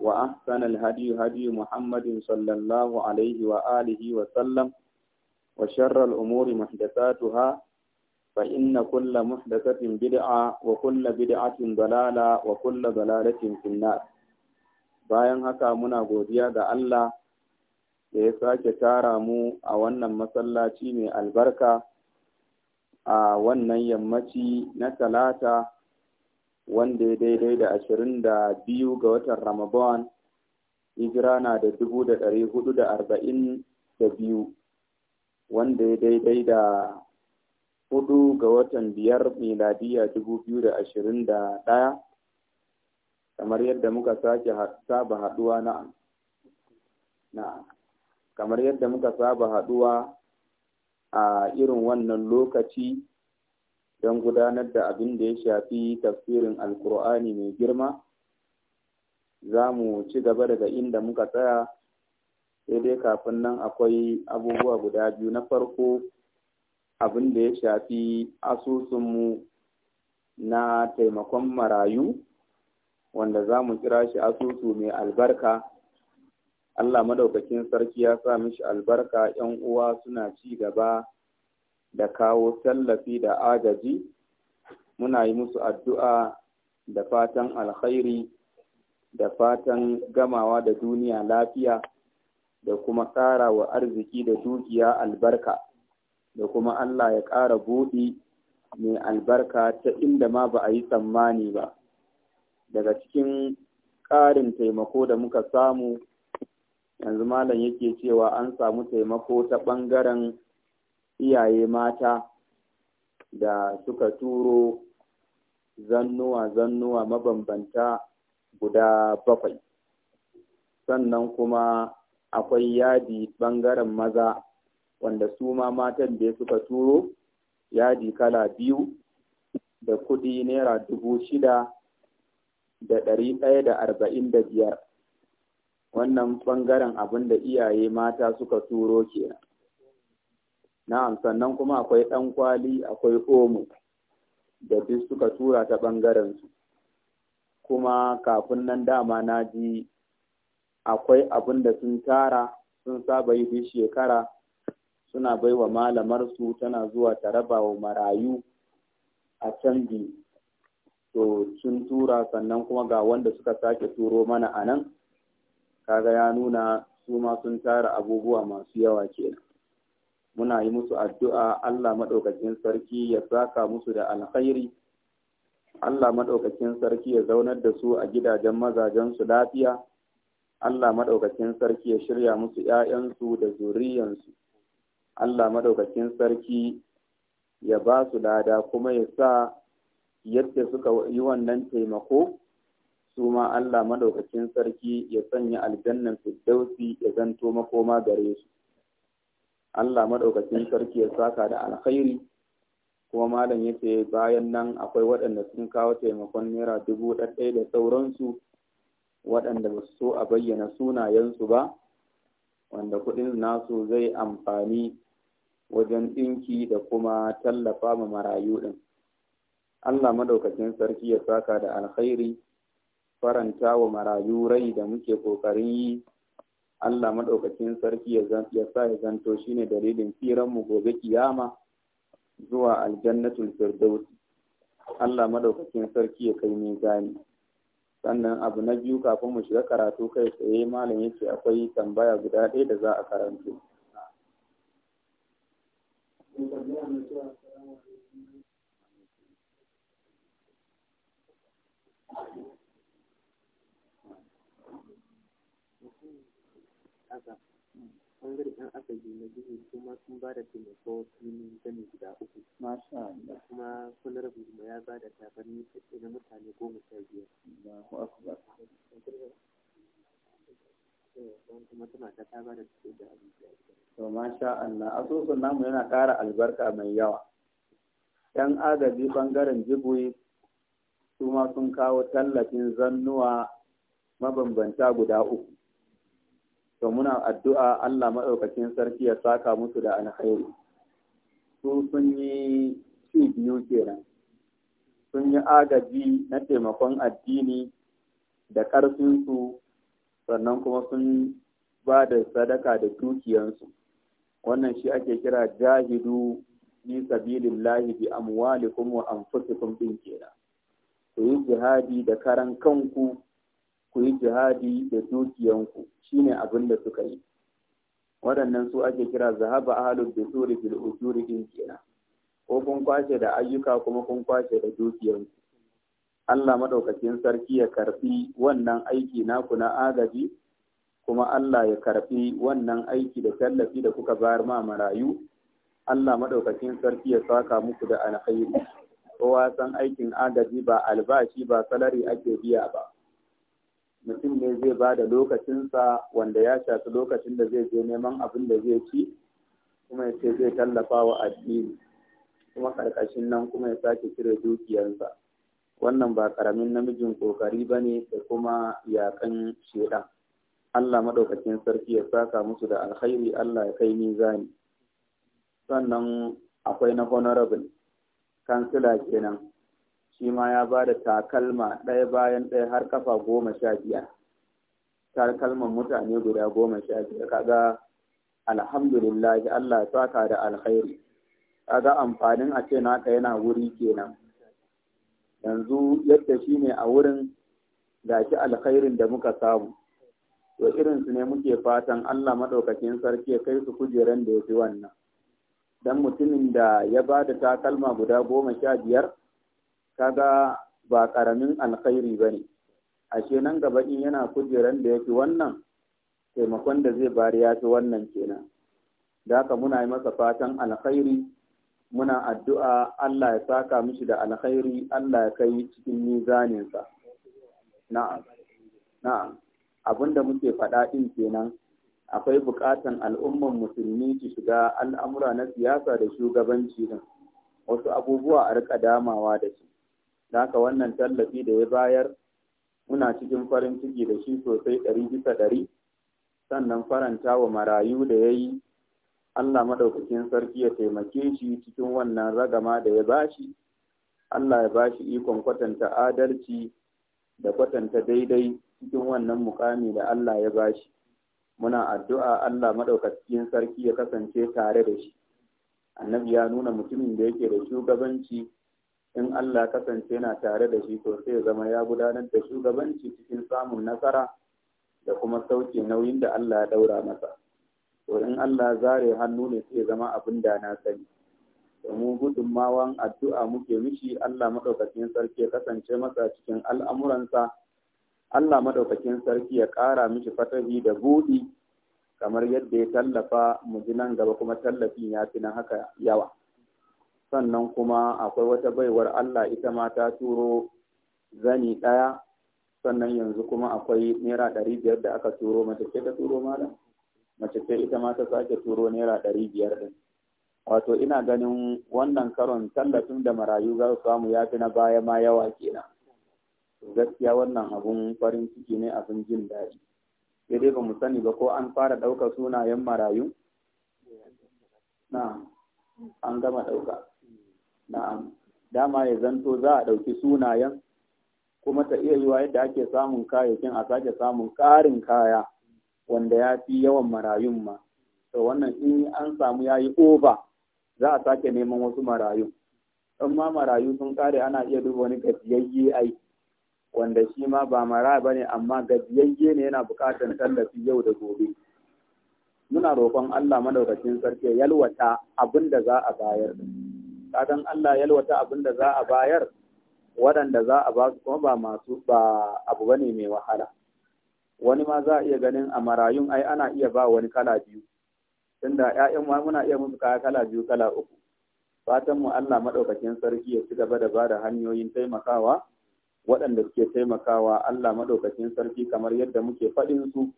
وأحسن الهدي هدي محمد صلى الله عليه وآله وسلم وشر الأمور محدثاتها فإن كل محدثة بدعة وكل بدعة ضلالة وكل ضلالة في النار bayan haka muna godiya ga Allah da ya sake tara mu a wannan masallaci mai albarka a wannan yammaci na talata wanda ya daidai da ashirin da biyu ga watan Ramadan hijira na da dubu da ɗari hudu da arba'in da biyu wanda ya daidai da hudu ga watan biyar miladiya dubu biyu da ashirin da ɗaya kamar yadda muka sake saba haduwa na na kamar yadda muka saba haɗuwa a irin wannan lokaci don gudanar da abin da ya shafi tafsirin alkur'ani mai girma za mu ci gaba daga inda muka tsaya sai dai kafin nan akwai abubuwa guda biyu na farko abin da ya shafi asusunmu na taimakon marayu wanda za mu kira shi asusu mai albarka Allah madaukakin sarki ya sa mishi albarka ‘yan uwa suna ci gaba da kawo tallafi da agaji muna yi musu addu'a da fatan alkhairi da fatan gamawa da duniya lafiya da kuma tsara wa arziki da dukiya albarka da kuma Allah ya ƙara buɗi mai albarka ta inda ma ba a yi tsammani ba daga cikin ƙarin taimako da muka samu yanzu malam yake cewa an samu taimako ta ɓangaren iyaye mata da suka turo zannuwa-zannuwa mabambanta guda bakwai sannan kuma akwai yadi ɓangaren maza wanda su ma matan da suka turo yadi kala biyu da kuɗi naira dubu shida da ɗari ɗaya da arba'in da biyar wannan ɓangaren abin da iyaye mata suka turo kenan na'am sannan kuma akwai ɗan kwali akwai omo da duk suka tura ta ɓangaren su kuma kafin nan dama na ji akwai abin da sun tara sun saba yi duk shekara suna baiwa su tana zuwa ta raba wa marayu a canji to sun tura sannan kuma ga wanda suka sake turo mana a nan kaga ya nuna su ma sun tara abubuwa masu yawa kenan muna yi musu addu'a Allah maɗaukakin sarki ya saka musu da alkhairi, Allah maɗaukakin sarki ya zaunar da su a gidajen mazajensu lafiya, Allah maɗaukakin sarki ya shirya musu ‘ya'yansu da zuriyansu, Allah maɗaukakin sarki ya ba su lada kuma ya sa yadda suka yi wannan taimako, su ma Allah maɗaukakin sarki ya sanya aljannan Fiddausi ya zanto makoma gare su. Allah maɗaukacin sarki ya saka da alkhairi kuma malam yace bayan nan akwai waɗanda sun kawo taimakon naira dubu ɗaɗɗai da sauransu waɗanda ba su so a bayyana sunayensu ba wanda kuɗin nasu zai amfani wajen ɗinki da kuma tallafa ma marayu ɗin allah maɗaukacin sarki ya saka da alkhairi faranta wa marayu rai da muke ƙoƙarin yi Allah maɗaukacin sarki ya sa ya zanto shine dalilin mu gobe kiyama zuwa aljannatul firdaus Allah maɗaukacin sarki ya kai gani sannan abu na biyu kafin mu shiga karatu kai tsaye malam yake akwai tambaya guda ɗaya da za a karanto. ƙasa ɓangaren yan agaji na jihu kuma sun ba da taimako filin gani guda uku da kuma kunar bujima ya ba da tabarni kaɗe na mutane goma sha biyar to masha Allah asusun namu yana ƙara albarka mai yawa yan agaji ɓangaren jibuyi su ma sun kawo tallafin zannuwa mabambanta guda uku to muna addu'a Allah maɗaukakin sarki ya saka musu da alkhairi su sun yi ci kenan sun yi agaji na taimakon addini da ƙarfinsu sannan kuma sun ba da sadaka da dukiyansu wannan shi ake kira jahidu fi sabilillahi bi amwalikum wa anfusikum din kenan ku yi jihadi da karan kanku ku yi jihadi da dukiyanku shine abin da suka yi waɗannan su ake kira zahaba ahlul da bil ujuri din kenan ko kun kwashe da ayyuka kuma kun kwashe da dukiyanku Allah madaukakin sarki ya karfi wannan aiki naku na agaji kuma Allah ya karfi wannan aiki da tallafi da kuka bayar ma marayu Allah madaukakin sarki ya saka muku da alkhairi Ko wasan aikin agaji ba albashi ba salari ake biya ba mutum ne zai ba da lokacinsa wanda ya shafi lokacin da zai je neman abin da zai ci kuma ya ce zai tallafa wa addini kuma karkashin nan kuma ya sake cire dukiyarsa wannan ba karamin namijin kokari ba ne da kuma yakan sheda Allah maɗaukacin sarki ya saka musu da alkhairi Allah ya kai mizani sannan akwai na honorable kansila kenan shi ma ya ba da takalma ɗaya bayan ɗaya har kafa goma sha biyar takalman mutane guda goma sha biyar kaga alhamdulillahi Allah ya saka da alkhairi kaga amfanin a ce naka yana wuri kenan yanzu yadda shi ne a wurin shi alkhairin da muka samu to irin su ne muke fatan Allah madaukakin sarki ya kai su kujeran da ya fi wannan dan mutumin da ya ba da takalma guda goma sha biyar kaga ba karamin alkhairi ba ne ashe nan gaba in yana kujeran da ya fi wannan taimakon da zai bari ya fi wannan kenan da haka muna yi masa fatan alkhairi muna addu'a Allah ya saka mishi da alkhairi Allah ya kai cikin mizaninsa na'am na'am abinda muke faɗa ɗin kenan akwai buƙatan al'umman musulmi su shiga al'amura na siyasa da shugabanci din wasu abubuwa a rika damawa da shi da haka wannan tallafi da ya bayar muna cikin farin ciki da shi sosai ɗari bisa ɗari sannan faranta wa marayu da ya yi Allah maɗaukakin sarki ya taimake shi cikin wannan ragama da ya bashi Allah ya bashi ikon kwatanta adalci da kwatanta daidai cikin wannan mukami da Allah ya bashi muna addu'a Allah maɗaukakin sarki ya kasance tare da shi annabi ya nuna mutumin da yake da shugabanci in Allah kasance yana tare da shi to sai zama ya gudanar da shugabanci cikin samun nasara da kuma sauke nauyin da Allah ya daura masa to in Allah zare hannu ne sai zama abin da na sani da mu gudunmawan addu'a muke mishi Allah madaukakin sarki ya kasance masa cikin al'amuransa Allah madaukakin sarki ya ƙara mishi fatahi da buɗi kamar yadda ya tallafa mu ji nan gaba kuma tallafin ya fi na haka yawa sannan kuma akwai wata baiwar Allah ita ma ta turo zani ɗaya sannan yanzu kuma akwai naira ɗari biyar da aka turo mace ce ta turo malam mace ce ita ma ta sake turo naira ɗari biyar ɗin wato ina ganin wannan karon tallafin da marayu za su samu ya fi na baya ma yawa kenan gaskiya wannan abun farin ciki ne abin jin daɗi sai dai ba mu sani ba ko an fara ɗaukar sunayen marayu na an gama ɗauka na'am dama ya zanto za a ɗauki sunayen kuma ta iya yiwa yadda ake samun kayayyakin a sake samun ƙarin kaya wanda ya fi yawan marayun ma to wannan in an samu ya yi oba za a sake neman wasu marayun in ma marayu sun kare ana iya duba wani gajiyayye ai wanda shi ma ba mara ba ne amma gajiyayye ne yana buƙatar tallafi yau da gobe muna roƙon Allah madaukakin sarki yalwata abin da za a bayar da kadan Allah lwata abin da za a bayar waɗanda za a ba su kuma ba masu ba abu bane mai wahala wani ma za a iya ganin a marayun ai ana iya ba wani kala biyu tunda ƴaƴan ma muna iya musu kaya kala biyu kala uku fatan mu Allah madaukakin sarki ya ci gaba da ba da hanyoyin taimakawa waɗanda suke taimakawa Allah madaukakin sarki kamar yadda muke faɗin su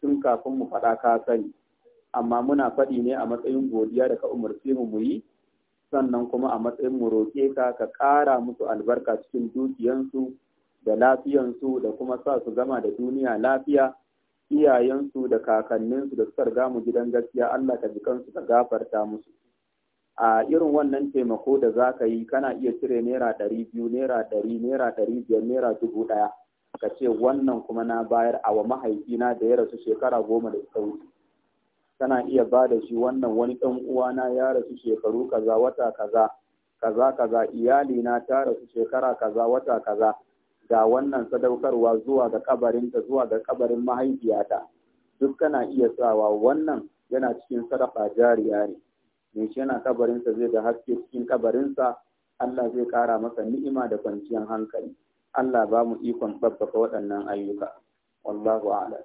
tun kafin mu faɗa ka sani amma muna faɗi ne a matsayin godiya da ka umarce mu mu yi sannan kuma a matsayin mu roƙe ka ka ƙara musu albarka cikin dukiyansu da lafiyansu da kuma sa su gama da duniya lafiya iyayensu da kakanninsu da suka riga mu gidan gaskiya Allah ka ji kansu ka gafarta musu a irin wannan taimako da za ka yi kana iya cire naira ɗari biyu naira ɗari naira ɗari biyar naira dubu ɗaya ka ce wannan kuma na bayar a wa mahaifina da ya rasu shekara goma da suka wuce kana iya ba da shi wannan wani ɗan uwana ya rasu shekaru kaza wata kaza kaza kaza iyali na ta rasu shekara kaza wata kaza ga wannan sadaukarwa zuwa ga kabarinta zuwa ga kabarin mahaifiyata duk kana iya sawa wannan yana cikin sarrafa jariya ne me shi yana kabarinsa zai ga haske cikin kabarinsa Allah zai kara masa ni'ima da kwanciyar hankali Allah ba mu ikon babbaka waɗannan ayyuka wallahu a'lam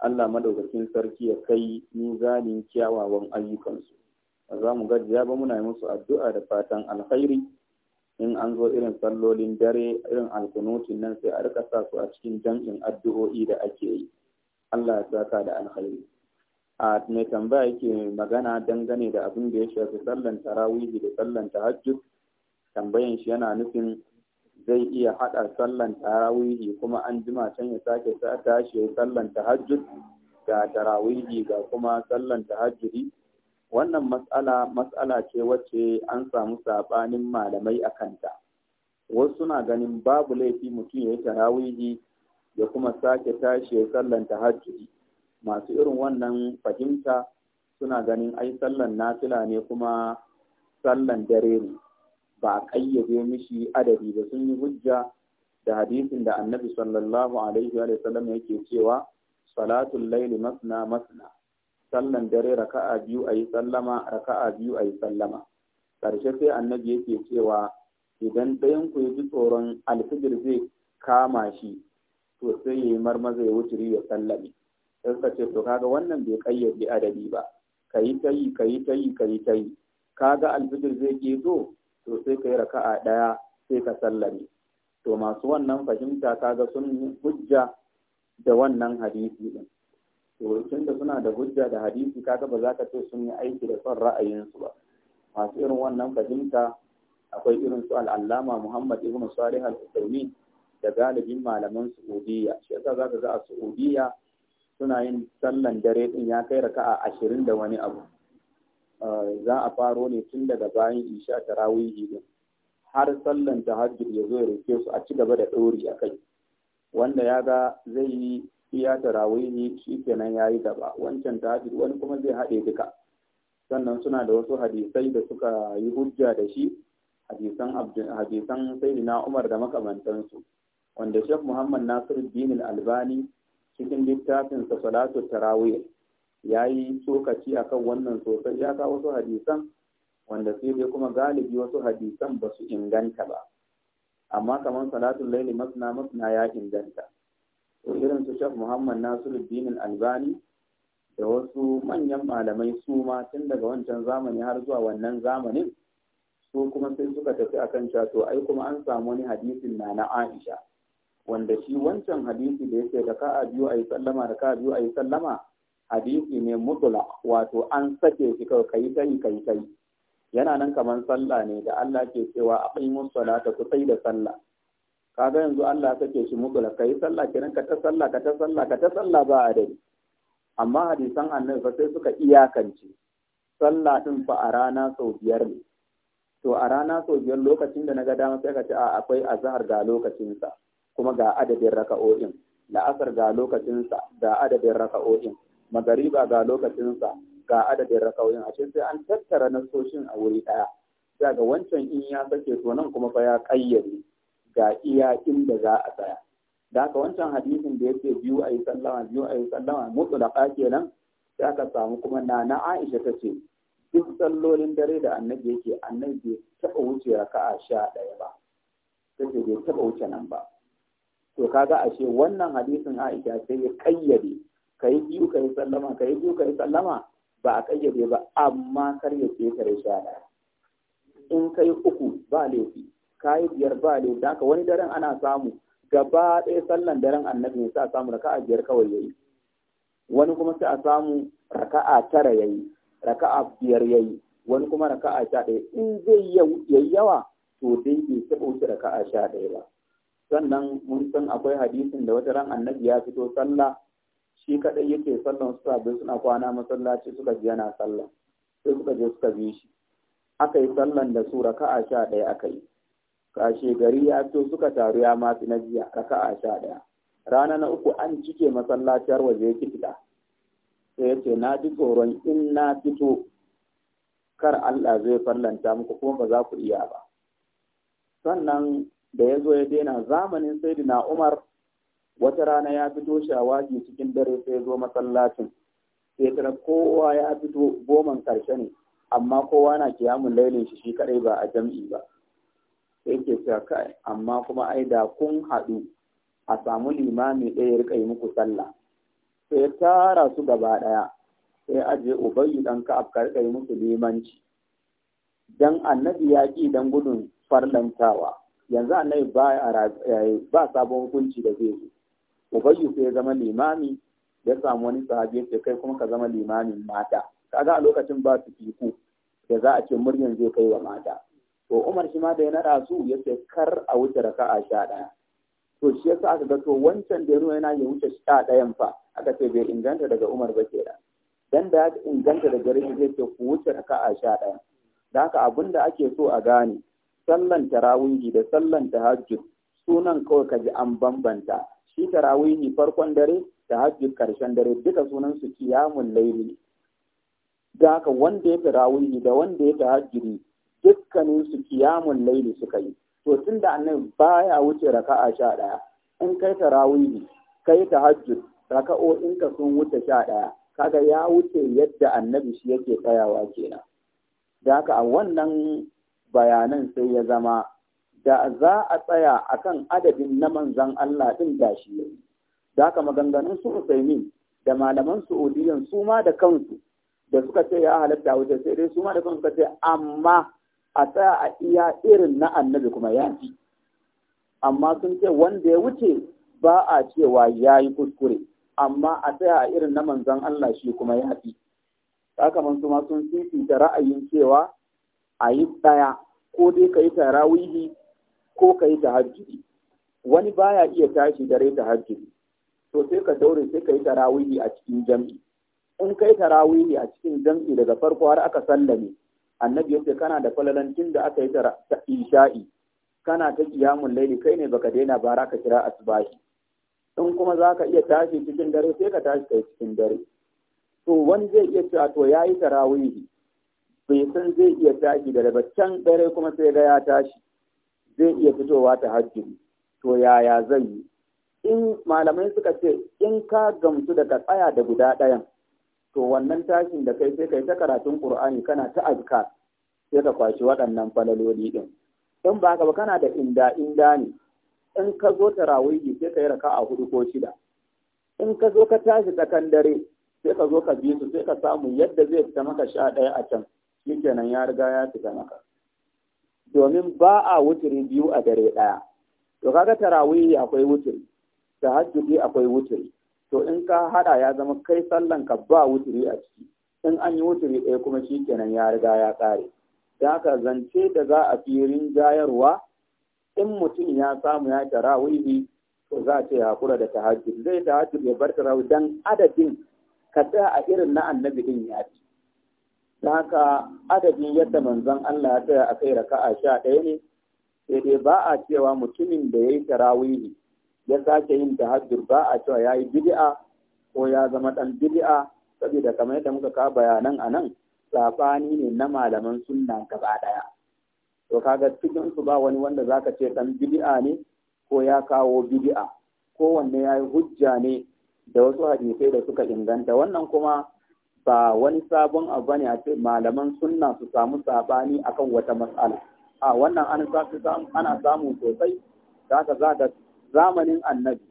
Allah madaukakin sarki ya kai mizanin kyawawan ayyukansu za mu gajiya ba muna yi musu addu'a da fatan alkhairi in an zo irin sallolin dare irin alkunutin nan sai a rika sa su a cikin jam'in addu'o'i da ake yi Allah ya saka da alkhairi a mai tambaya yake magana dangane da abin da ya shafi sallan tarawihi da sallan tahajjud tambayan shi yana nufin zai iya haɗa sallan tarawihi kuma an jima can ya sake tashi ya sallan tahajjud ga tarawihi ga kuma sallan tahajjudi wannan matsala matsala ce wacce an samu saɓanin malamai a kanta wasu suna ganin babu laifi mutum ya yi tarawihi ya kuma sake tashi ya sallan tahajjudi masu irin wannan fahimta suna ganin ai sallan nafila ne kuma sallan dare ne ba a ƙayyade mishi adadi ba sun yi hujja da hadisin da annabi sallallahu alaihi wa sallam yake cewa Salatun laili masna masna sallan dare raka'a biyu a yi sallama raka'a biyu a yi sallama ƙarshe sai annabi yake cewa idan ɗayan ku ya ji tsoron alfijir zai kama shi to sai ya yi marmaza ya wuce ya sallame sai ka ce to kaga wannan bai kayyade adadi ba kayi ta yi kayi ta yi kayi ta yi kaga alfijir zai ke zo to sai ka yi raka'a ɗaya sai ka sallame to masu wannan fahimta kaga sun hujja da wannan hadisi din to tunda suna da hujja da hadisi kaga ba za ka ce sun yi aiki da son ra'ayinsu ba masu irin wannan fahimta akwai irin su al'allama Muhammad ibn Salih al-Uthaymeen da galibin malaman su'udiyya shi yasa zaka ga a su'udiyya suna yin sallan dare ɗin ya kai raka'a ashirin da wani abu za a faro ne tun daga bayan isha tarawihi din har sallan hajji ya zo ya roke su a ci gaba da ɗori a kai wanda ya ga zai yi iya tarawihi shi kenan ya yi gaba wancan hajji wani kuma zai haɗe duka sannan suna da wasu hadisai da suka yi hujja da shi hadisan hadisan na Umar da makamantansu wanda shek Muhammad nasiru Al-Albani cikin littafinsa Salatu Tarawih ya yi tsokaci a kan wannan sosai ya kawo wasu hadisan wanda sai dai kuma galibi wasu hadisan ba su inganta ba amma kamar salatun laili masna masna ya inganta to irin su shaf muhammad nasiruddin albani da wasu manyan malamai su ma tun daga wancan zamani har zuwa wannan zamanin su kuma sai suka tafi akan kan to ai kuma an samu wani hadisin na na aisha wanda shi wancan hadisi da yake da ka'a biyu a yi sallama da ka'a biyu a yi sallama hadisi ne mutula wato an sake shi kawai kai kai kai kai yana nan kamar sallah ne da Allah ke cewa mun salata ku sai da sallah kaga yanzu Allah sake shi mutula kai sallah kiran ka ta sallah ka ta sallah ka ta sallah ba dai amma hadisan annabi ba sai suka iyakance sallah din fa a rana sau biyar ne to a rana sau biyar lokacin da na ga dama sai ka ce a akwai azhar ga lokacinsa kuma ga adadin raka'o'in la'asar ga lokacinsa ga adadin raka'o'in magariba ga lokacinsa ga adadin rakawoyin ashe sai an tattara nasoshin a wuri ɗaya sai ga wancan in ya sake to nan kuma fa ya kayyade ga iya inda za a tsaya da haka wancan hadisin da yake biyu a yi sallama biyu a yi sallama da ƙake nan sai aka samu kuma na, na Aisha ta ce duk sallolin dare da annabi yake annabi bai taɓa wuce raka'a sha ɗaya ba sai bai taɓa wuce nan ba to kaga ashe wannan hadisin Aisha sai ya ƙayyade. ka yi biyu ka sallama ka yi biyu ka sallama ba a kayyade ba amma kar ya ce kare sha ɗaya in ka yi uku ba laifi ka yi biyar ba laifi da haka wani daren ana samu gaba ɗaya sallan daren annabi ne sai a samu raka'a biyar kawai yayi wani kuma sai a samu raka'a tara yayi raka'a biyar yayi wani kuma raka'a sha ɗaya in zai yayi yawa to dai bai taɓa wuce raka'a sha ɗaya ba sannan mun san akwai hadisin da wata ran annabi ya fito sallah shi kaɗai yake sallan su sabbin suna kwana masallaci suka ji yana sallan sai suka je suka bi shi aka yi sallan da su raka'a sha ɗaya aka yi kashe gari ya fito suka taru ya matsi na jiya raka'a sha ɗaya rana na uku an cike masallaciyar waje ya kiɗa sai ya ce na ji tsoron in na fito kar Allah zai sallanta muku kuma ba za ku iya ba sannan da ya zo ya daina zamanin saidina Umar wata rana ya fito shawagi cikin dare sai zo masallacin sai tara kowa ya fito goman karshe ne amma kowa na kiyamun lailin shi shi kadai ba a jam'i ba sai ke cewa kai amma kuma ai da kun haɗu a samu limami ɗaya ya rika yi muku sallah sai ya tara su gaba ɗaya sai aje ubayi dan ka'ab ka rika yi musu limanci dan annabi ya ki dan gudun farlantawa yanzu annabi ba eh, ba sabon hukunci da zai zo ubayyu sai ya zama limami ya samu wani sahabi ya kai kuma ka zama limamin mata kaga a lokacin ba su fiku da za a ce muryan zai kai wa mata to umar shi da ya naɗa su ya ce kar a wuce raka'a sha ɗaya to shi yasa aka ga to wancan da nuna yana ya wuce sha ɗayan fa aka ce bai inganta daga umar ba da dan da ya inganta daga rikin zai ce ku wuce raka'a sha ɗaya da haka abun da ake so a gane sallan tarawihi da sallan tahajjud sunan kawai kaji an bambanta shi tarawihi farkon dare da hajji karshen dare duka sunan su kiyamun laili da haka wanda ya tarawihi da wanda ya tahajjudi dukkanin su kiyamun laili suka yi to tunda annabi baya wuce raka'a sha ɗaya in kai tarawihi kai tahajjud raka'o'in ka sun wuce sha ɗaya kaga ya wuce yadda annabi shi yake tsayawa kenan da haka a wannan bayanan sai ya zama da za a tsaya a kan adadin na manzan Allah ɗin da shi da haka maganganun su Usaimin da malaman Saudiyan su ma da kansu da suka ce ya halatta wajen sai dai su ma da kansu suka ce amma a tsaya a iya irin na annabi kuma ya fi amma sun ce wanda ya wuce ba a cewa ya yi kuskure amma a tsaya a irin na manzan Allah shi kuma ya fi sakamakon mansu ma sun fifita ra'ayin cewa a yi tsaya ko dai ka yi tarawihi ko ka yi tahajjudi wani baya iya tashi dare tahajjudi to sai ka daure sai ka yi tarawihi a cikin jam'i in ka yi tarawihi a cikin jam'i daga farko har aka sallame annabi yace kana da falalancin da aka yi ta isha'i kana ta kiyamun laili kai ne baka daina bara ka kira asbahi in kuma za ka iya tashi cikin dare sai ka tashi kai cikin dare to wani zai iya cewa to ya yi tarawihi bai san zai iya tashi da daga can dare kuma sai ga ya tashi zai iya fitowa ta hajji to yaya zai yi in malamai suka ce in ka gamsu da ka tsaya da guda ɗayan to wannan tashin da kai sai kai ta karatun qur'ani kana ta azka sai ka kwashi waɗannan falaloli din in ba ka ba kana da inda inda ne in ka zo rawayi sai ka yi raka a hudu ko shida in ka zo ka tashi tsakan dare sai ka zo ka bi su sai ka samu yadda zai fita maka sha ɗaya a can shikenan ya riga ya fita maka domin ba a wuturi biyu a dare ɗaya to kaga tarawihi akwai wuturi ta hajjuki akwai wuturi to in ka haɗa ya zama kai sallan ka ba wuturi a ciki in an yi wuturi ɗaya kuma shi kenan ya riga ya ƙare da haka zance da za a firin jayarwa in mutum ya samu ya tarawihi to za a ce hakura da tahajjud zai tahajjud ya bar tarawih dan adadin ka a irin na annabi din ya ci haka adadin yadda manzon Allah ya tsaya a kai raka'a sha ɗaya ne sai dai ba a cewa mutumin da ya yi tarawihi ya sake yin tahajjud ba a cewa ya yi bid'a ko ya zama ɗan bid'a saboda kamar yadda muka ka bayanan a nan saɓani ne na malaman sunna gaba ɗaya to kaga cikin su ba wani wanda zaka ce ɗan bid'a ne ko ya kawo bid'a wanne ya yi hujja ne da wasu hadisai da suka inganta wannan kuma ba wani sabon abu bane a ce malaman sunna su samu sabani akan wata matsala a wannan an ana samu sosai za ka za zamanin annabi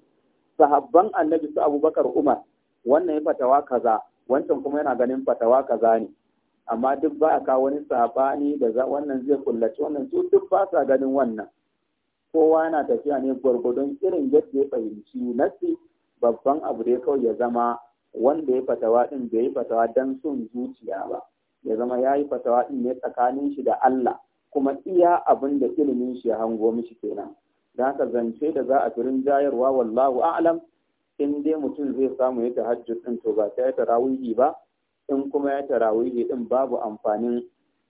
sahabban annabi su abubakar umar wannan ya fatawa kaza wancan kuma yana ganin fatawa kaza ne amma duk ba a kawo wani sabani da wannan zai kullace wannan su duk ba sa ganin wannan kowa yana tafiya ne gwargwadon irin yadda ya fahimci nasi babban abu da kawai ya zama wanda ya fatawa ɗin bai yi fatawa don son zuciya ba ya zama ya yi fatawa ɗin ne tsakanin shi da Allah kuma iya abin da ilimin shi ya hango mishi kenan da haka zance da za a firin jayarwa wallahu a'lam in dai mutum zai samu ya Hajji ɗin to ba ta ya tarawihi ba in kuma ya tarawihi ɗin babu amfanin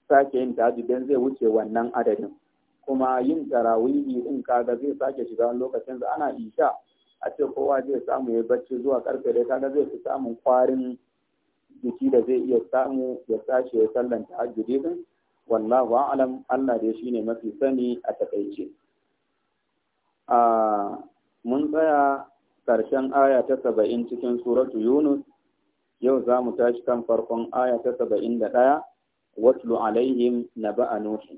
sake yin tahajjud don zai wuce wannan adadin kuma yin tarawihi ɗin kaga zai sake shiga lokacin da ana isha a ce kowa zai samu ya bacci zuwa karfe da kaga zai fi samun kwarin jiki da zai iya samu ya sace ya sallan tahajjudi din wallahu a'lam Allah dai shine mafi sani a takaice a mun tsaya karshen aya ta saba'in cikin suratu yunus yau za mu tashi kan farkon aya ta saba'in da ɗaya watlu alaihim na ba'a nufi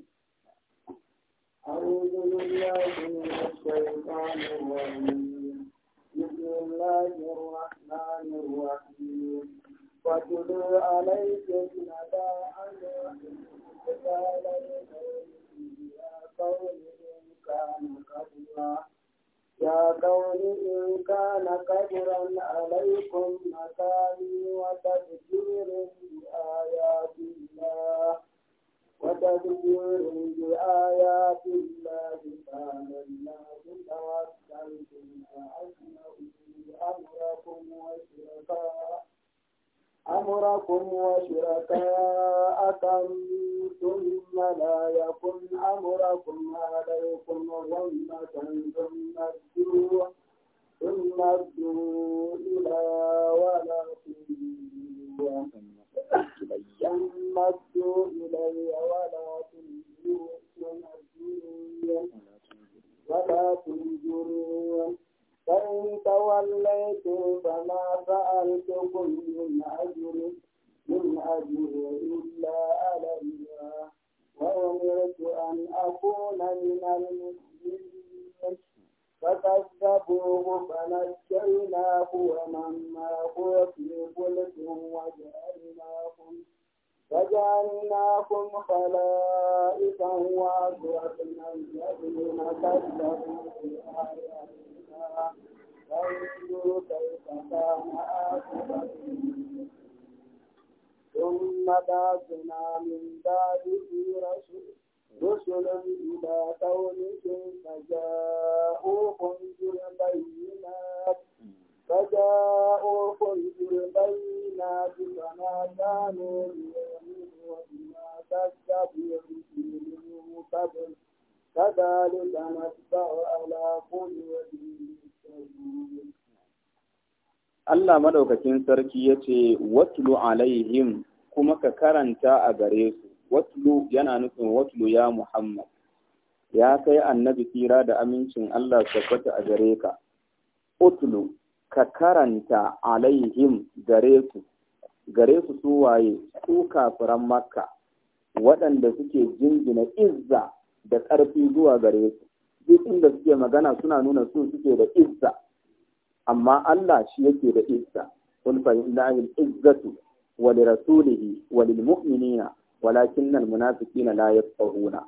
أعوذ بالله من الشيطان الرجيم بسم الله الرحمن الرحيم واتلو عليك ندى عن قتال يا قوم إن كان كبرا يا قوم إن كان كبرا عليكم مكاني وتذكير بآيات الله وتذكر بآيات الله كان الناس توكلتم فأجمعوا أمركم وشركاء أمركم وشركاءكم ثم لا يكن أمركم عليكم غمة ثم ادوا ثم ادوا إلى ولا قوة مدوا إلي ولا تنجرون ولا تنجرون فإن توليتم فما فعلتكم من أجر من أجر إلا على الله وأمرت أن أكون من المسلمين فكذبوه فنجيناه ومن معه في فلك وجعلناهم فجعلناكم خلائف وأغرقنا الذين كذبوا بآياتنا فانظروا كيف كان عاقبة ثم بعثنا من بعده رسل رسلا إلى قومهم فجاءوهم بالبينات فجاءوكم بالبينات فما كانوا ليؤمنوا بما كذبوا به من قبل كذلك نتبع على قلوب المسلمين Allah madaukakin sarki ya ce, Watlu alaihim kuma ka karanta a gare su, watlu yana nufin watlu ya Muhammad, ya kai annabi tsira da amincin Allah tabbata a gare ka. Utlu ka karanta alaihim gare su gare su su waye su kafiran makka waɗanda suke jingina izza da ƙarfi zuwa gare su duk inda suke magana suna nuna su suke da izza amma Allah shi yake da izza Kun fa lillahi izzatu wa li rasulihi wa lil mu'minina walakinna al munafiqina la yafqahuna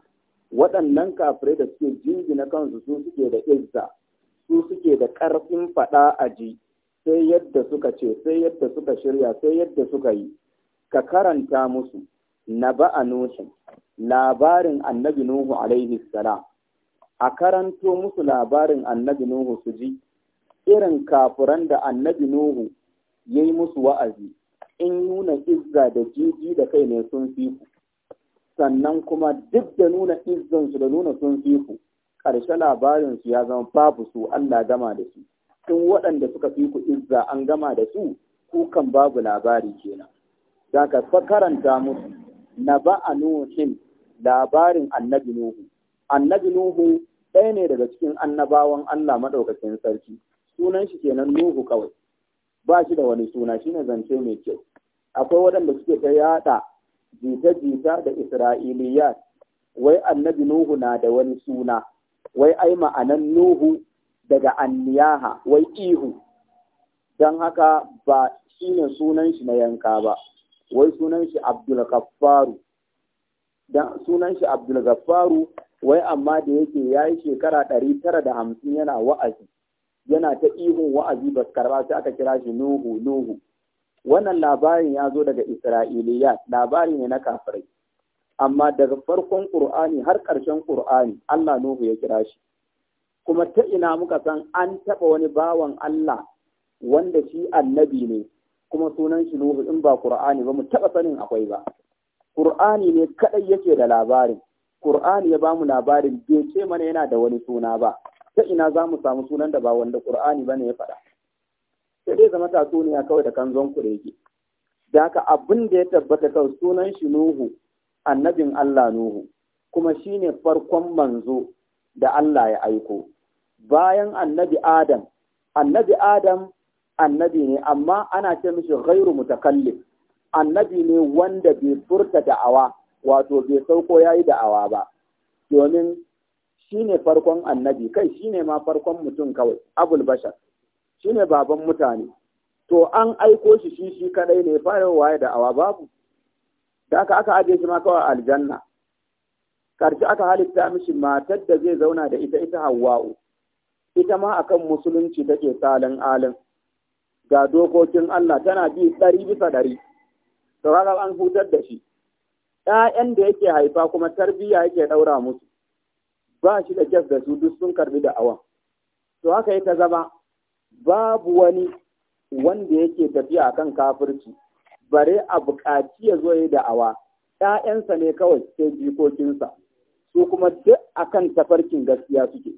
waɗannan kafirai da suke jingina kansu su suke da izza su suke da ƙarfin faɗa a ji sai yadda suka ce sai yadda suka shirya sai yadda suka yi ka karanta musu na ba'a nuhin labarin annabi nuhu alaihi salam a karanto musu labarin annabi nuhu su ji irin kafuran da annabi nuhu ya yi musu wa'azi in nuna izza da jiji da kai ne sun fi ku sannan kuma duk da nuna izzansu da nuna sun fi ku ƙarshe labarinsu ya zama babu su Allah gama da su tun waɗanda suka fi ku izza an gama da su kukan babu labari kenan za karanta musu na ba'a nuhin labarin annabi nuhu annabi nuhu ɗaya ne daga cikin annabawan Allah maɗaukacin sarki sunan shi kenan nuhu kawai ba shi da wani suna shine zance mai kyau akwai waɗanda suke ta yaɗa jita-jita da isra'iliyar? wai annabi nuhu na da wani suna wai ai ma'anan nuhu daga anniyaha wai ihu don haka ba shi ne sunan shi na yanka ba wai sunan shi abdulgaffaru don sunan shi abdulgaffaru wai amma da yake ya yi shekara ɗari tara da hamsin yana wa'azi yana ta ihun wa'azi ba karba sai aka kira shi nuhu nuhu wannan labarin ya zo daga isra'iliya labari ne na kafirai amma daga farkon Qur'ani har ƙarshen Qur'ani Allah Nuhu ya kira shi kuma ta ina muka san an taɓa wani bawan Allah wanda shi annabi ne kuma sunan shi Nuhu in ba Qur'ani ba mu taɓa sanin akwai ba Qur'ani ne kaɗai yake da labarin Qur'ani ya bamu labarin bai ce mana yana da wani suna ba ta ina za mu samu sunan da ba wanda ba ne ya faɗa sai dai zama tatsuniya kawai da kanzon kurege da haka abin da ya tabbata kawai sunan shi Nuhu annabin Allah Nuhu, kuma shi ne farkon manzo da Allah ya aiko. Bayan annabi Adam, annabi Adam annabi ne, amma ana ce mishi gairu mutakalli, annabi ne wanda bai furta da'awa, wato bai sauko ya yi da'awa ba, domin shi ne farkon annabi, kai shi ne ma farkon mutum kawai, abul bashar, shi ne baban mutane. To an aiko shi shi shi kadai ne fara waye da'awa babu. da aka aka ajiye shi ma kawai aljanna karshe aka halitta mishi matar da zai zauna da ita ita hawa'u ita ma akan musulunci take salin alin ga dokokin Allah tana bi ɗari bisa ɗari to an hutar da shi ɗayan da yake haifa kuma tarbiyya yake ɗaura musu ba shi da kyas da su duk sun karbi da awan to haka yi ta zama babu wani wanda yake tafiya akan kafirci bare a buƙaci ya zo yi da'awa ‘ya'yansa ne kawai sai jikokinsa su kuma duk akan tafarkin gaskiya suke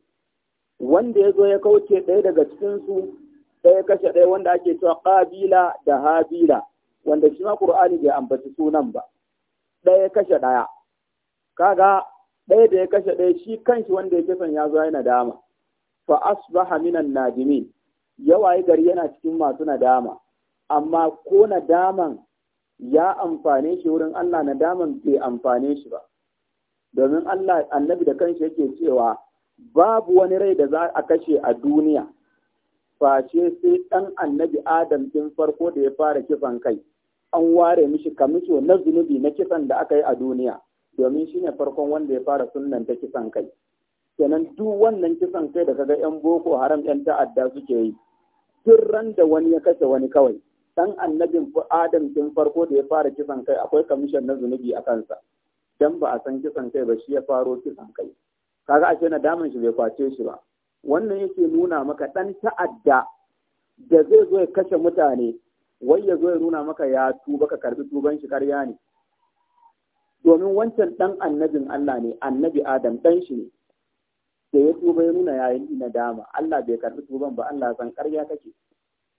wanda ya zo ya kauce ɗaya daga cikinsu ɗaya kashe ɗaya wanda ake cewa ƙabila da habila wanda shi ma ƙur'ani bai ambaci sunan ba ɗaya kashe ɗaya kaga ɗaya da ya kashe ɗaya shi kanshi wanda ya kisan ya zo ya dama fa asbaha minan nadimin yawaye gari yana cikin masu nadama amma ko nadaman ya amfane shi wurin Allah nadaman bai amfane shi ba domin Allah annabi da kanshi yake cewa babu wani rai da za a kashe a duniya face sai ɗan annabi Adam din farko da ya fara kisan kai an ware mishi kamisho na zunubi na kisan da aka yi a duniya domin shi ne farkon wanda ya fara sunnan ta kisan kai kenan duk wannan kisan kai da kaga yan boko haram yan ta'adda suke yi duk da wani ya kashe wani kawai dan annabin Adam din farko da ya fara kisan kai akwai kamishin na zunubi a kansa dan ba a san kisan kai ba shi ya faro kisan kai kaga ashe na damin shi bai kwace shi ba wannan yake nuna maka dan ta'adda da zai zo ya kashe mutane wai ya zo ya nuna maka ya tuba ka karbi tuban shi karya ne domin wancan dan annabin Allah ne annabi Adam dan shi ne da ya tuba ya nuna yayin dama. Allah bai karbi tuban ba Allah san karya kake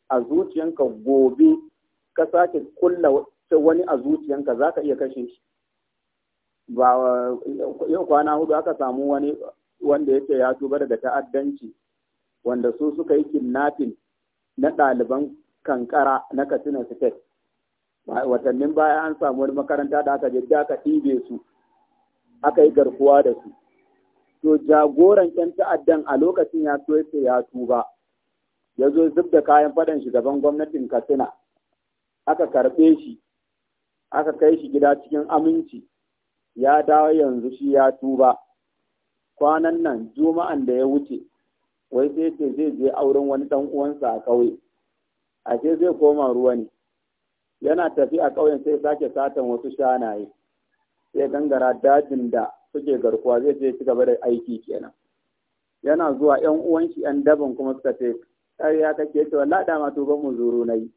a zuciyanka gobe ka sake kulla wani a zuciyanka za ka iya kashe shi ba yau kwana hudu aka samu wani wanda yake ya tuba daga ta'addanci wanda su suka yi kidnapping na ɗaliban kankara na katsina state watannin baya an samu wani makaranta da aka je aka ɗibe su aka yi garkuwa da su to jagoran 'yan ta'addan a lokacin ya so ya tuba ya zo zub da kayan faɗan shugaban gwamnatin katsina aka karɓe shi aka kai shi gida cikin aminci ya dawo yanzu shi ya tuba kwanan nan juma'an da ya wuce wai sai ce zai je auren wani dan uwansa a ƙauye ashe zai koma ruwa ne yana tafi a ƙauyen sai sake satan wasu shanaye sai gangara dajin da suke garkuwa zai je ci gaba da aiki kenan yana zuwa yan uwan yan dabin kuma suka ce ƙarya kake ce wallahi dama ma ban mu zuru nayi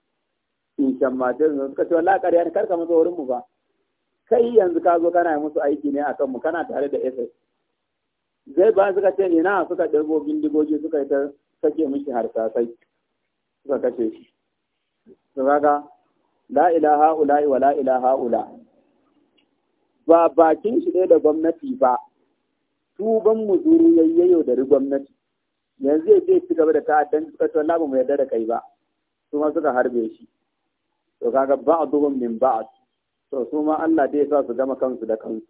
in shan matar su suka ce wallahi ƙarya ne karka mazo wurin mu ba kai yanzu ka zo kana musu aiki ne akan mu kana tare da SS zai ba suka ce ina suka ɗirgo bindigogi suka yi ta sake mishi harsasai suka kashe shi su kaga la ilaha ula'i wa la ilaha ula ba bakin shi ne da gwamnati ba tuban mu zuru yayyayo da gwamnati yanzu ya ce ci gaba da ta'addan suka ce wallahi ba mu yarda da kai ba su ma suka harbe shi to kaga ba'dhum min ba'd to su ma Allah dai sa su gama kansu da kansu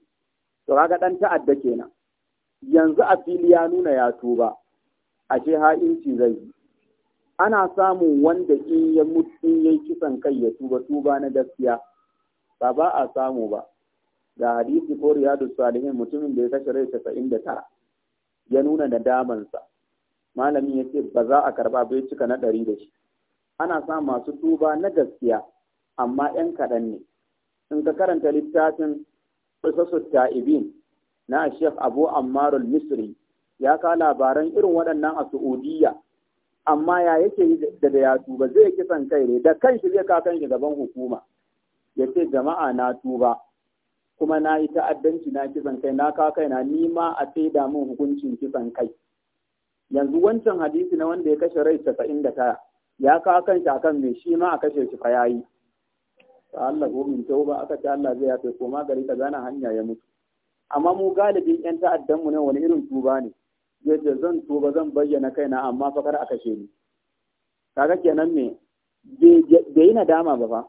to kaga dan ta'adda kenan yanzu a fili ya nuna ya tuba ashe ha'inci zai yi ana samun wanda in ya mutu yayi kisan kai ya tuba tuba na gaskiya ba ba a samu ba da hadisi ko riyadu salihin mutumin da ya kashe rai 99 ya nuna nadamansa malamin ya ce ba za a karba ya cika na ɗari da shi ana sa masu tuba na gaskiya amma ‘yan kaɗan ne in ka karanta littafin ƙusasu ta'ibin na Sheikh Abu Ammarul Misri ya ka labaran irin waɗannan a Su'udiyya amma ya yake da da ya tuba zai kisan kai ne da kanshi zai ka kanshi gaban hukuma ya ce jama'a na tuba kuma na yi ta'addanci na kisan kai na ka kai na nima a da min hukuncin kisan kai yanzu wancan hadisi na wanda ya kashe rai casa'in da taya. ya kawo kanshi akan mai shi ma a kashe shi fa yayi Allah ko min tauba aka ce Allah zai yafe koma gari ka gana hanya ya mutu amma mu galibin yan ta'addan mu ne wani irin tuba ne yace zan tuba zan bayyana kaina amma fa kar a kashe ni kaga kenan me bai yi nadama ba fa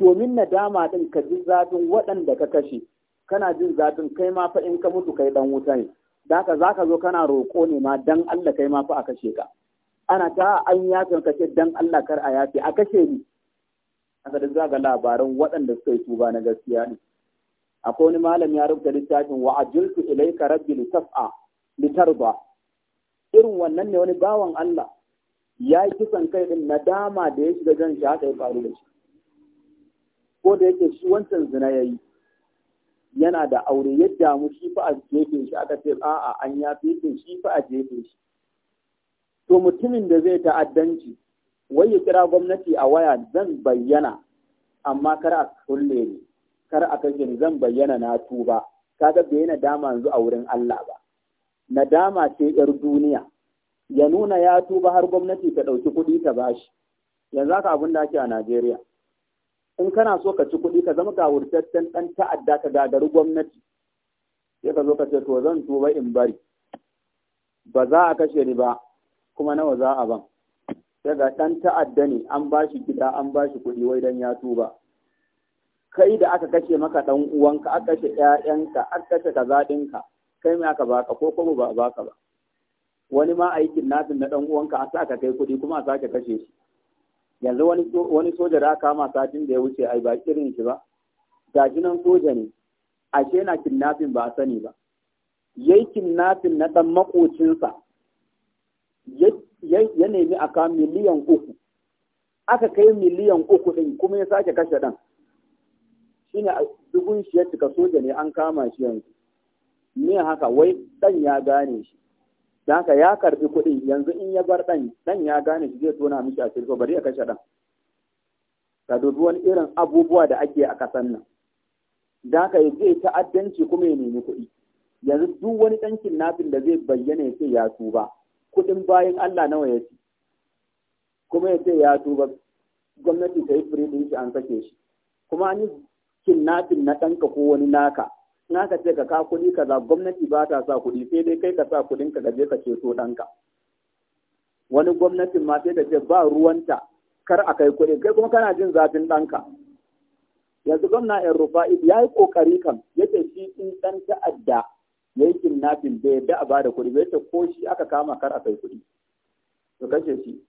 domin nadama din ka ji zafin waɗanda ka kashe kana jin zafin kai ma fa in ka mutu kai dan wuta ne da za ka zo kana roƙo ne ma dan Allah kai ma fa a kashe ka ana ta an yafe ka ce dan Allah kar a yafe a kashe ni haka da za ga labaran waɗanda suka yi tuba na gaskiya ne akwai wani malam ya rubuta littafin wa ajiltu ilayka rabbi litas'a litarba irin wannan ne wani bawan Allah ya yi kisan kai din nadama da ya shiga jan shi haka ya faru da shi ko da yake shi wancan zina yayi yana da aure yadda mu shi fa a jefe shi aka ce a'a an ya fefe shi fa a jefe shi to mutumin da zai ta'addanci wai ya kira gwamnati a waya zan bayyana amma kar a kulle ni kar a kashe ni zan bayyana na tuba kaga bai nadama yanzu a wurin Allah ba nadama ce yar duniya ya nuna ya tuba har gwamnati ta ɗauki kuɗi ta bashi yanzu haka abin da ake a Najeriya in kana so ka ci kuɗi ka zama gawurtaccen ɗan ta'adda ka gagari gwamnati sai ka zo ka ce to zan tuba in bari ba za a kashe ni ba kuma nawa za a ban sai ga ɗan ta'adda ne an ba shi gida an ba shi kuɗi wai dan ya tuba kai da aka kashe maka ɗan uwanka aka kashe ƴaƴanka aka kashe kaza ɗinka kai me aka baka ko kuma ba a baka ba wani ma aikin nasin na ɗan uwanka a sa ka kai kuɗi kuma a sake kashe shi yanzu wani soja da aka kama satin da ya wuce ai ba irin shi ba gashi soja ne ashe na kidnapping ba a sani ba yayi kidnapping na dan makocinsa ya nemi a kawo miliyan uku aka kai miliyan uku din kuma ya sake kashe dan shine dubun shi ya cika soja ne an kama shi yanzu me haka wai dan ya gane shi da haka ya karbi kuɗi, yanzu in ya bar ɗan ɗan ya gane shi zai tona miki a cikin bari ya kashe ɗan ka dubi wani irin abubuwa da ake a ƙasar nan da haka ya zai ta'addanci kuma ya nemi kuɗi yanzu duk wani ɗan kidnapping da zai bayyana ya ce ya tuba kuɗin bayan Allah nawa ya ci kuma ya ce ya tuba gwamnati ta yi firi ɗin an sake shi kuma an yi kidnapping na ɗanka ko wani naka naka aka ce ka ka kuɗi kaza gwamnati ba ta sa kuɗi sai dai kai ka sa kuɗin ka gaje ka ceto ɗanka wani gwamnatin ma sai ta ce ba ruwanta kar a kai kuɗi kai kuma kana jin zafin ɗanka yanzu gwamna yan rufa'i ya yi ƙoƙari kan yake shi in ɗan ta'adda ya yi kidnapping bai yadda a bada kuɗi bai ce ko shi aka kama kar a kai kuɗi su kashe shi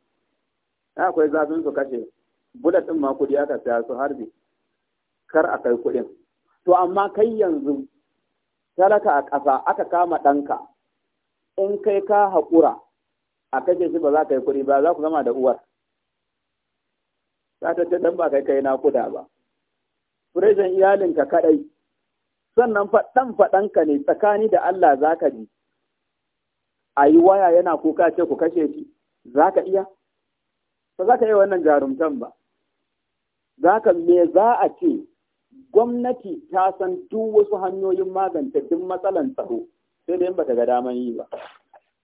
akwai zafin su kashe bulletin ma kuɗi aka saya su harbi kar a kai kuɗin to amma kai yanzu talaka a ƙasa aka kama ɗanka in kai ka haƙura a kashe shi ba za ka yi kuɗi ba za ku zama da uwar ta ta dan ba kai kai na kuda ba furejin iyalinka kaɗai sannan faɗan faɗanka ne tsakani da Allah za ka ji a yi waya yana kuka ce ku kashe shi za ka iya ba za ka yi wannan jarumtan ba za ka me za a ce gwamnati ta san duk wasu hanyoyin magance duk matsalan tsaro sai da yin bata ga daman yi ba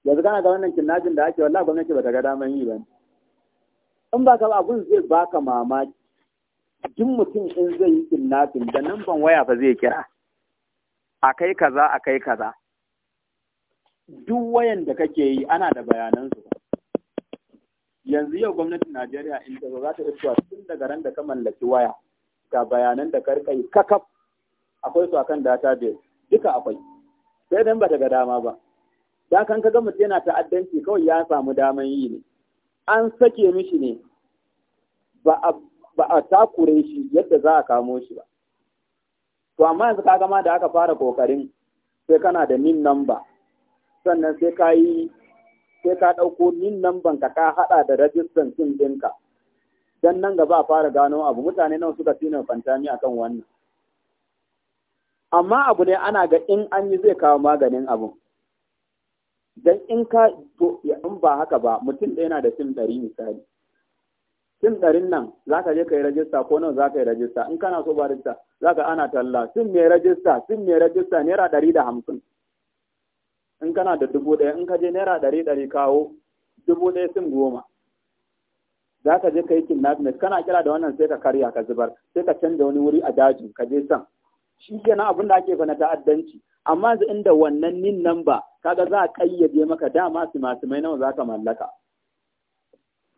yanzu kana ga wannan kinnajin da ake wallahi gwamnati bata ga daman yi ba in ba ka ba abun zai baka mamaki duk mutum in zai yi kinnajin da nan ban waya fa zai kira a kai kaza a kai kaza duk wayan da kake yi ana da bayanansu. su yanzu yau gwamnatin Najeriya in ta zo za ta tun daga ran da ka mallaki waya ga bayanan da karkai kakaf akwai su akan database duka akwai sai dan bata ga dama ba da kan kaga mutum yana ta'addanci kawai ya samu daman yi ne an sake mishi ne ba a ba a takure shi yadda za a kamo shi ba to amma yanzu kaga ma da aka fara kokarin sai kana da nin number sannan sai ka yi sai ka ɗauko nin number ka ka haɗa da rajistan din ɗinka dan nan gaba a fara gano abu mutane nawa suka tina fantami akan wannan amma abu ne ana ga in an yi zai kawo maganin abu dan in ka to in ba haka ba mutum da yana da sim ɗari misali sim ɗarin nan za ka je ka yi rajista ko nan za ka yi rajista in kana so ba rajista za ka ana talla sim mai rajista sim mai rajista naira ɗari da hamsin in kana da dubu ɗaya in ka je naira ɗari ɗari kawo dubu ɗaya sim goma za ka je ka yi kidnapping kana kira da wannan sai ka karya ka zubar sai ka canza wani wuri a daji ka je san shi kenan abin da ake fana ta'addanci amma yanzu inda wannan nin nan ba kaga za a kayyade maka dama mai nawa za ka mallaka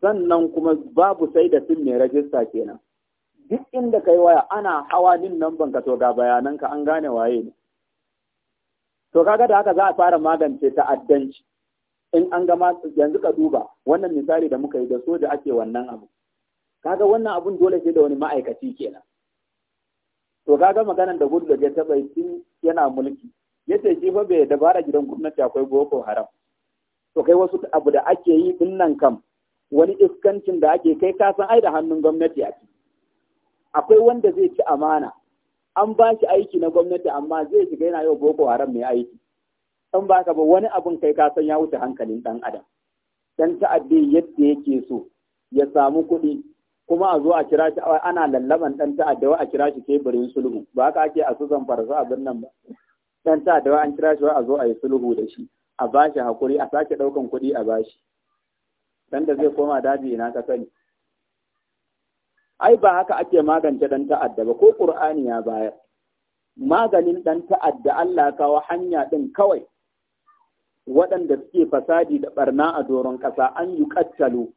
sannan kuma babu sai da sim mai rajista kenan duk inda ka yi waya ana hawa nin nan banka to ga bayananka an gane waye ne to kaga da haka za a fara magance ta'addanci in an gama yanzu ka duba wannan misali da muka yi da soja ake wannan abu kaga wannan abun dole sai da wani ma'aikaci kenan to kaga maganan da gudu da ya taba tun yana mulki yace shi fa bai dabara gidan gwamnati akwai boko haram to kai wasu abu da ake yi din nan kam wani iskancin da ake kai ka san ai da hannun gwamnati a ciki akwai wanda zai ci amana an ba shi aiki na gwamnati amma zai shiga yana yau boko haram mai aiki in ba ka ba wani abun kai ka san ya wuce hankalin ɗan adam dan ta'addi yadda yake so ya samu kuɗi kuma a zo a kira shi ana lallaban dan ta'adda wa a kira shi teburin sulhu ba ka ake a su zamfara su abin nan ba dan ta'adda wa an kira shi wa a zo a yi sulhu da shi a bashi hakuri a sake ɗaukan kuɗi a bashi dan da zai koma daji ina ka sani ai ba haka ake magance dan ta'adda ba ko qur'ani ya bayar maganin dan ta'adda Allah kawo hanya din kawai waɗanda suke fasadi da ɓarna a doron ƙasa an yi ƙattalo,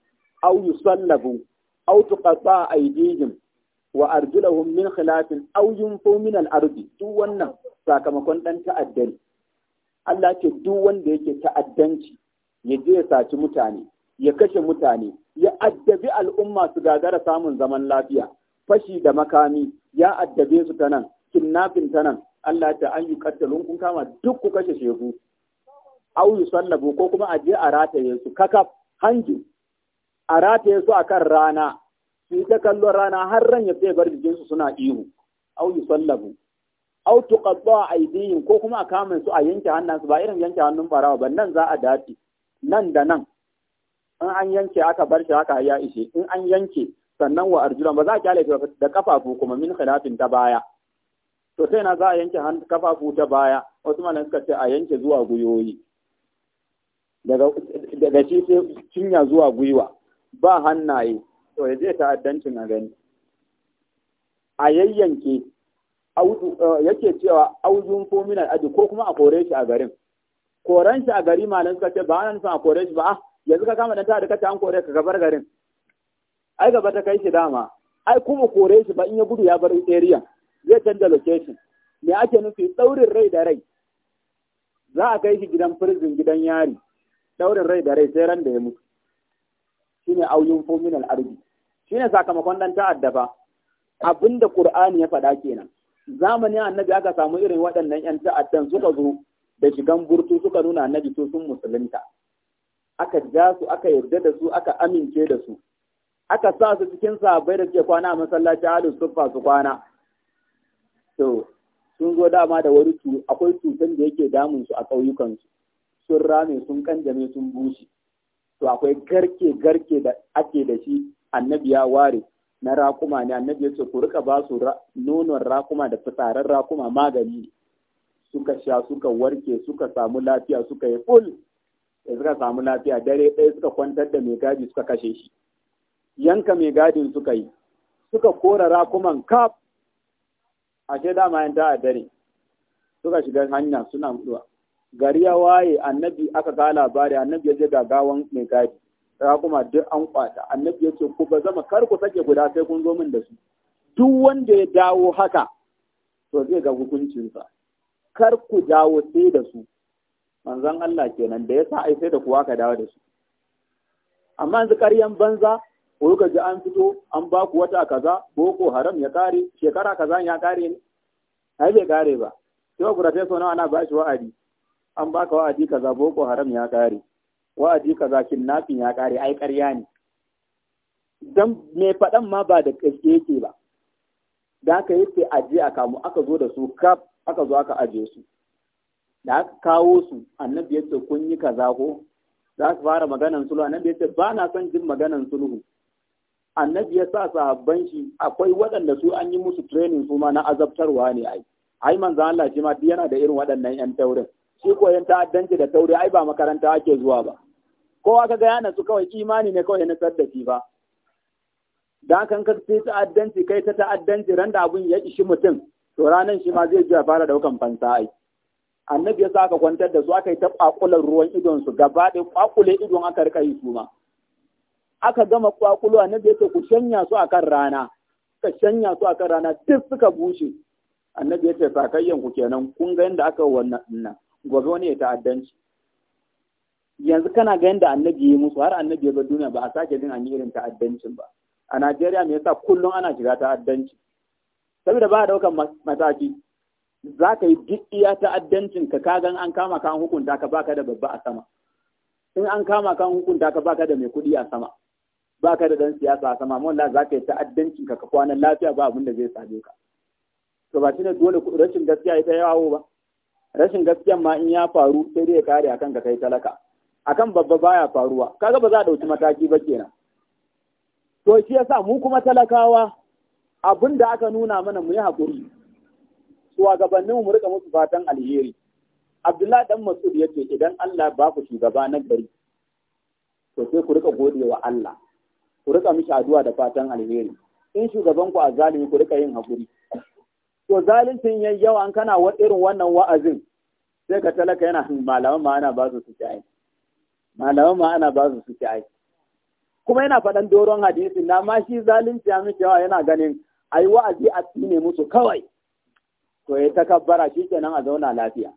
au yi sallabu, au ƙasa a aidihim wa arjulahum min khilafin au yunfu fomin duk wannan sakamakon ɗan ta’addani. Allah ce duk wanda yake ta'addanci ya je ya saci mutane, ya kashe mutane, ya addabi al'umma su gagara samun zaman lafiya, fashi da makami ya addabe su ta nan, kinnafin ta nan, Allah ta an yi kun kama duk ku kashe shegu, au yusallabu ko kuma a je a rataye su kakaf hangi. a rataye su akan rana su ta kallon rana har ran ya fiye bar jikinsu suna ihu au yusallabu au tuqatta aydihim ko kuma a kama su a yanke hannansu ba irin yanke hannun barawa ba nan za a dace nan da nan in an yanke aka bar shi haka ya ishe in an yanke sannan wa arjulan ba za a kyale da kafafu kuma min khilafin ta baya to sai na za a yanke kafafu ta baya wasu malan suka ce a yanke zuwa guyoyi daga shi sai cinya zuwa gwiwa ba hannaye to ya je ta'addancin a gani a yayyanke eh, yake cewa auzun komina adi ko kuma a kore shi a garin koren shi a gari malam suka ce ba nan a kore shi ba ah, yanzu ka kama dan ta da kace an kore ka ka bar garin ai gaba ta kai shi dama ai kuma kore shi ba in ya gudu ya bar area zai canza location me ake nufi daurin rai da rai za a kai shi gidan prison gidan yari daurin rai da rai sai ran da ya mutu auyin fomin fominal Shi ne sakamakon dan ta'adda fa abinda ƙur'ani ya faɗa kenan zamanin annabi aka samu irin waɗannan yan ta'addan suka zo da shigan burtu suka nuna annabi to sun musulunta aka ja su aka yarda da su aka amince da su aka sa su cikin sabai da suke kwana a masallaci alu sufa su kwana to sun zo dama da wani akwai cutan da yake damun su a ƙauyukansu sun rame sun kanjame sun bushe to akwai garke garke da ake da shi annabi ya ware na rakuma ne annabi ya ce ku rika ba su nonon rakuma da fitarar rakuma magani suka sha suka warke suka samu lafiya suka yi ful da suka samu lafiya dare ɗaya suka kwantar da mai gadi suka kashe shi yanka mai gadin suka yi suka kora rakuman kaf ashe dama yanta a dare suka shiga hanya suna mutuwa gari ya waye annabi aka ga labari annabi ya je gawan mai gadi ta kuma duk an kwata annabi ya ce ku ba zama kar ku sake guda sai kun zo min da su duk wanda ya dawo haka to zai ga sa kar ku dawo sai da su manzon Allah kenan da yasa ai sai da kuwa ka dawo da su amma yanzu ƙaryan banza ko ka ji an fito an ba ku wata kaza boko haram ya kare shekara kaza ya kare ne ai bai kare ba sai ku rafe so nawa ana ba shi wa'adi an baka wa'adi kaza boko haram ya kare wa'adi kaza kinnafin ya kare ai ƙarya ne dan me faɗan ma ba da gaske yake ba da aka yi a je a kamu aka zo da su kaf aka zo aka aje su da aka kawo su annabi ya ce kun yi kaza ko za su fara maganan sulhu annabi ya ce ba na son jin maganan sulhu annabi ya sa sahabban shi akwai waɗanda su an yi musu training su ma na azabtarwa ne ai ai manzo Allah shi ma yana da irin waɗannan yan taurin shi koyon ta'addanci da sauri ai ba makaranta ake zuwa ba kowa ka ga yana su kawai imani ne kawai na sardafi ba da kan ka sai ta'addanci kai ta ta'addanci ran da abun ya ishi mutum to ranan shi ma zai ji ya fara daukan fansa ai annabi ya saka kwantar da su aka yi ta kwakulan ruwan idon su gaba da kwakule idon aka rika yi su ma aka gama kwakulo annabi ya ku shanya su akan rana ka shanya su akan rana duk suka bushe annabi ya ce sakayyan ku kenan kun ga yadda aka wannan nan gobe wani ya ta'addanci yanzu kana ga yanda annabi ya musu har annabi ya bar duniya ba a sake jin an yi irin ta'addancin ba a Najeriya me yasa kullum ana shiga ta'addanci saboda ba a daukan mataki za ka yi duk iya ta'addancin ka kagan an kama ka an hukunta ka baka da babba a sama in an kama ka an hukunta ka baka da mai kuɗi a sama baka da dan siyasa a sama wallahi za ka yi ta'addancin ka ka kwana lafiya ba abin da zai same ka to ba shine dole rashin gaskiya ita yawo ba rashin gaskiyan ma in ya faru sai dai ya kare akan ka kai talaka akan babba baya faruwa kaga ba za a dauki mataki ba kenan to shi yasa mu kuma talakawa abin da aka nuna mana mu yi hakuri shugabannin mu rika musu fatan alheri Abdullahi dan Mas'ud yace idan Allah ba ku shugaba na gari to sai ku rika godewa Allah ku rika mishi addu'a da fatan alheri in shugaban ku azzalimi ku rika yin hakuri to zalincin yayi yawa an kana wa irin wannan wa'azin sai ka talaka yana malaman ma ana ba su su ci malaman ma ana ba su su ci kuma yana faɗan doron hadisi na ma shi zalunci ya miki yawa yana ganin ai wa'azi a tsine musu kawai to ya takabbara kenan a zauna lafiya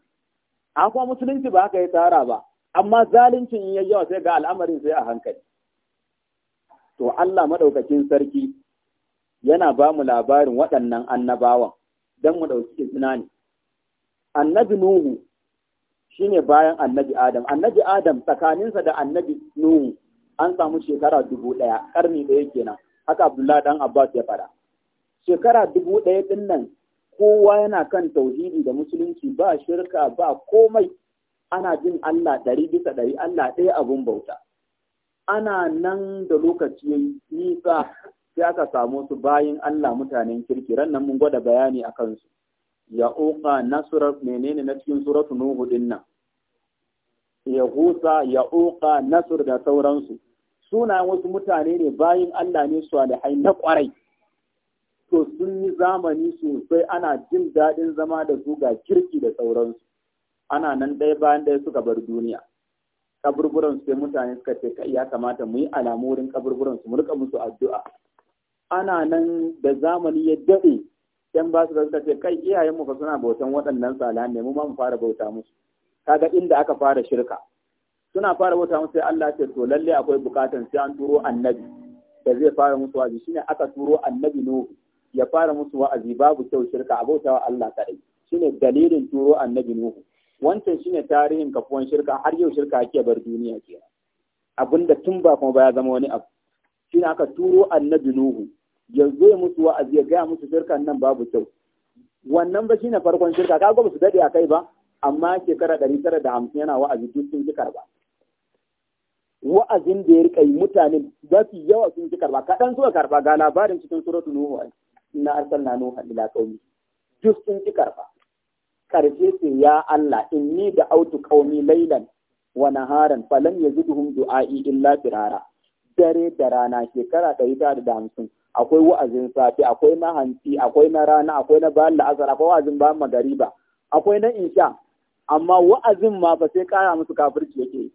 a kuma musulunci ba haka ya tsara ba amma zaluncin in yayi yawa sai ga al'amarin sai a hankali to Allah madaukakin sarki yana ba mu labarin waɗannan annabawan don mu ɗauki izina ne annabi nuhu shine bayan annabi adam annabi adam tsakaninsa da annabi nuhu an samu shekara dubu ɗaya ƙarni ɗaya kenan haka abdullahi dan abbas ya fara shekara dubu ɗaya ɗin nan kowa yana kan tauhidi da musulunci ba shirka ba komai ana jin Allah ɗari bisa ɗari Allah ɗaya abun bauta ana nan da lokaci ya yi nisa sai aka samu su bayin Allah mutanen kirki rannan mun gwada bayani a kansu ya uka menene na cikin suratu nuhu din nan ya husa ya uka nasur da sauransu Suna wasu mutane ne bayin Allah ne salihai na kwarai to sun yi zamani sosai ana jin daɗin zama da su ga kirki da sauransu ana nan ɗaya bayan ɗaya suka bar duniya kaburburan sai mutane suka ce ya kamata mu yi alamu wurin kaburburan su mu riƙa musu addu'a ana nan da zamani ya daɗe yan ba su da suka ce kai iyayenmu fa suna bautan waɗannan salihan ne mu ma mu fara bauta musu kaga inda aka fara shirka suna fara bauta musu sai Allah ce to lalle akwai bukatan sai an turo annabi da zai fara musu wa'azi shine aka turo annabi Nuhu ya fara musu wa'azi babu kyau shirka a bautawa Allah kadai shine dalilin turo annabi Nuhu wancan shine tarihin kafuwan shirka har yau shirka ake bar duniya kenan abinda tun ba kuma ba ya zama wani abu shine aka turo annabi Nuhu Yanzu zo ya mutu wa'azi ya gaya musu shirkan nan babu kyau wannan ba na farkon shirka ka ba su dade kai ba amma shekara ɗari tara da hamsin yana wa'azi duk sun ji karba wa'azin da ya rika yi mutane za su yawa sun ji karba kaɗan suka karba ga labarin cikin suratu nuhu na na nuhu ila qaumi duk sun ji karba karshe sai ya Allah inni da autu kauni lailan wa naharan falam yaziduhum du'ai illa firara dare da rana shekara ɗari tara da hamsin akwai wa'azin safe akwai na hanci akwai na rana akwai na bayan la'asar akwai wa'azin bayan magariba akwai na insha amma wa'azin ma ba sai kara musu kafirci yake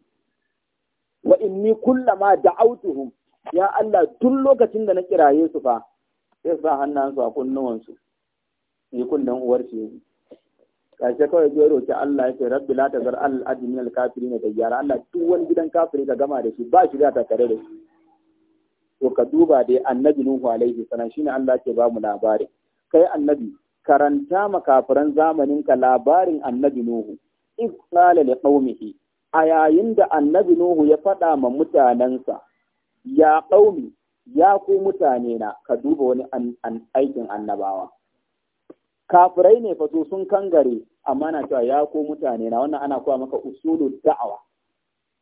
wa inni kullama da'autuhum ya Allah duk lokacin da na kiraye su fa sai sa hannansu a kunnuwansu ni kunnan uwar shi karshe kawai zai roki Allah ya ce rabbi la tazar al admin al kafirin da yara Allah duk wani gidan kafiri ka gama da shi ba shi da ta kare da shi to ka duba dai annabi Nuhu alaihi salam shine Allah ke ba mu labarin kai annabi karanta makafiran zamanin ka labarin annabi Nuhu in qala li qaumihi a yayin da annabi Nuhu ya faɗa ma mutanensa ya qaumi ya ku mutane na ka duba wani an aikin annabawa kafirai ne fa sun kangare amma na cewa ya ku mutane na wannan ana koya maka usulul da'awa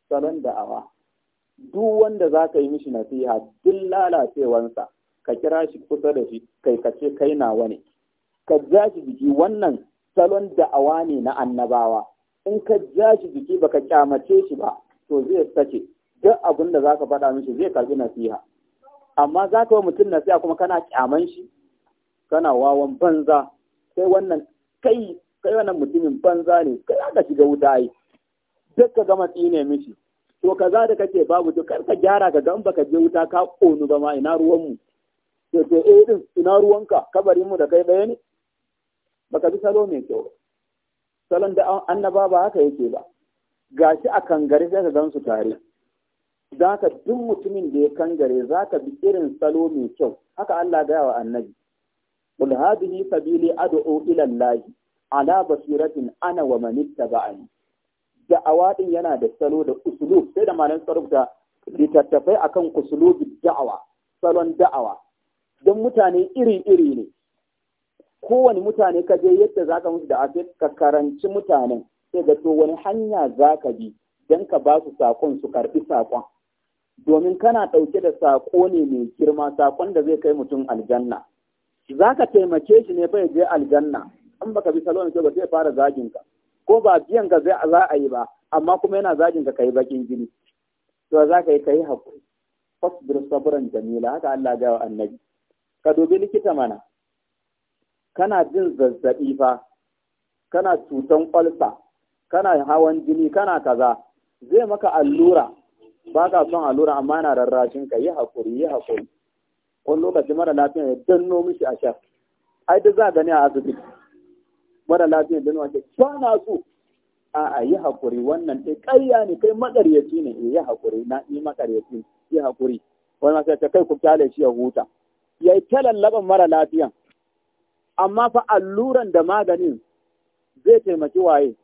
salon da'awa duk wanda za ka yi mishi nasiha duk lalacewansa ka kira shi kusa da shi kai ka ce kai nawa ne ka ja shi jiki wannan salon da'awa ne na annabawa in ka ja shi jiki baka kyamace shi ba to zai sace duk abin da za ka faɗa mishi zai karbi nasiha amma za ka yi mutum nasiha kuma kana kyaman shi kana wawan banza sai wannan kai kai wannan mutumin banza ne kai aka shiga wuta ai duk ka gama tsine mishi to kaza da kake babu to ka gyara ka ga in baka je wuta ka konu ba ma ina ruwan mu to to eh din ina ruwanka kabarin mu da kai ɗaya ne baka bi salo mai kyau salon da annaba ba haka yake ba gashi a kangare sai ka gansu tare zaka duk mutumin da ya kangare za ka bi irin salo mai kyau haka Allah gaya wa annabi qul hadhihi sabili ad'u ila Allah ala basiratin ana wa manittaba'ani Da'awa awadin yana da salo da usulub sai da malan da litattafai akan usulubin da'awa salon da'awa don mutane iri-iri ne kowane mutane ka je yadda zaka musu da afir ka karanci mutanen sai ga to wani hanya zaka bi don ka ba su sakon su karbi sakon domin kana ɗauke da sako ne mai girma sakon da zai kai mutum aljanna zaka taimake shi ne bai je aljanna an baka bi salon sai ba zai fara zagin ka ko ba biyan ka za a yi ba amma kuma yana zagin ka kai bakin jini to za ka yi kai hakuri fasbir sabran jamila haka Allah ga annabi ka dubi likita mana kana jin zazzabi fa kana cutan kwalsa kana hawan jini kana kaza zai maka allura ba ka son allura amma yana rarrashin ka yi hakuri yi hakuri wani lokaci mara lafiya ya danno mishi a sha ai duk za gani a asibiti mara lafiyar da wanda ba na so a a yi hakuri wannan ɗai ƙarya ne kai maƙaryaci ne eh, yi hakuri na yi maƙaryaci yi hakuri wani masu ta kai ku kyale shi ya huta ya yi ta lallaban mara lafiyan amma fa alluran da maganin zai taimaki waye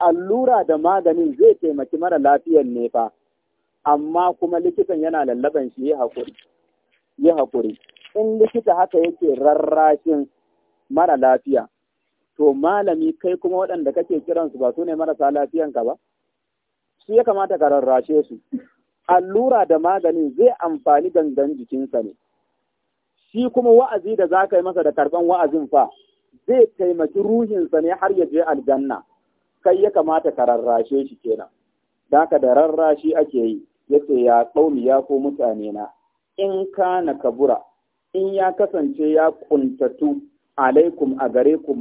allura da maganin zai taimaki mara lafiyan ne fa amma kuma likitan yana lallaban shi ya haƙuri ya haƙuri in likita haka yake rarrashin mara lafiya to malami kai kuma waɗanda kake kiransu ba su ne marasa lafiyanka ba su ya kamata ka rarrashe su allura da maganin zai amfani gangan jikinsa ne shi kuma wa'azi da za ka yi masa da karɓan wa'azin fa zai taimaki ruhinsa ne har ya je aljanna kai ya kamata ka rarrashe shi kenan daka da rarrashi ake yi yace ya tsauni ya ko mutane na in na kabura in ya kasance ya ƙuntatu alaikum a gare ku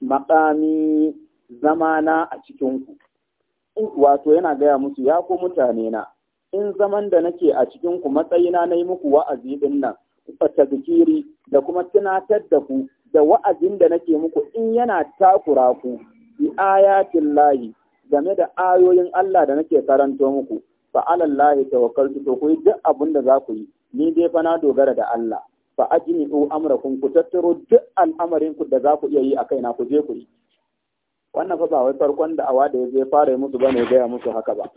maƙami zamana a cikinku, wato yana gaya musu ya ku mutane na, in zaman da nake a cikinku matsayina na yi muku wa'azi ɗin nan, zikiri da kuma tunatar da ku da wa'azin da nake muku in yana takura ku bi ayatin lahi game da ayoyin Allah da nake karanto muku fa ta tawakkaltu to ku yi duk abin da za ku yi ni dai fa na dogara da Allah fa ajmi'u amrakum ku tattaro duk al'amarin ku da za ku iya yi a kaina ku je ku yi wannan fa ba wai farkon da awa da ya je fara musu ba ne gaya musu haka ba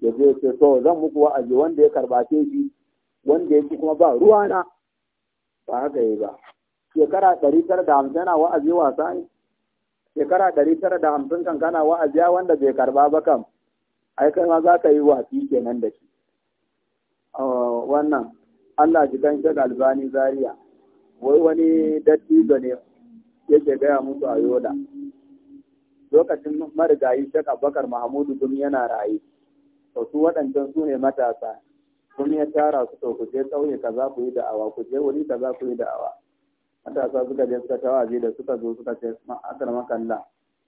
ya je ce to zan muku wa'azi wanda ya karbace shi wanda ya ci kuma ba ruwa na ba haka yi ba shekara ɗari tara da hamsin yana wa'azi wasa ne shekara ɗari tara da hamsin kan kana wa'azi wanda bai karba ba kam ai kai ma za ka yi watsi kenan da shi oh, wannan Allah ji kan shaga albani zaria wai wani dattijo ne yake gaya musu a yoda lokacin marigayi shaka Abubakar mahamudu dum yana raye to su waɗancan su ne matasa kun ya tara su to ku je ka za ku yi da'awa ku je wuri za ku yi da'awa matasa suka je suka tawaje da suka zo suka ce akar makalla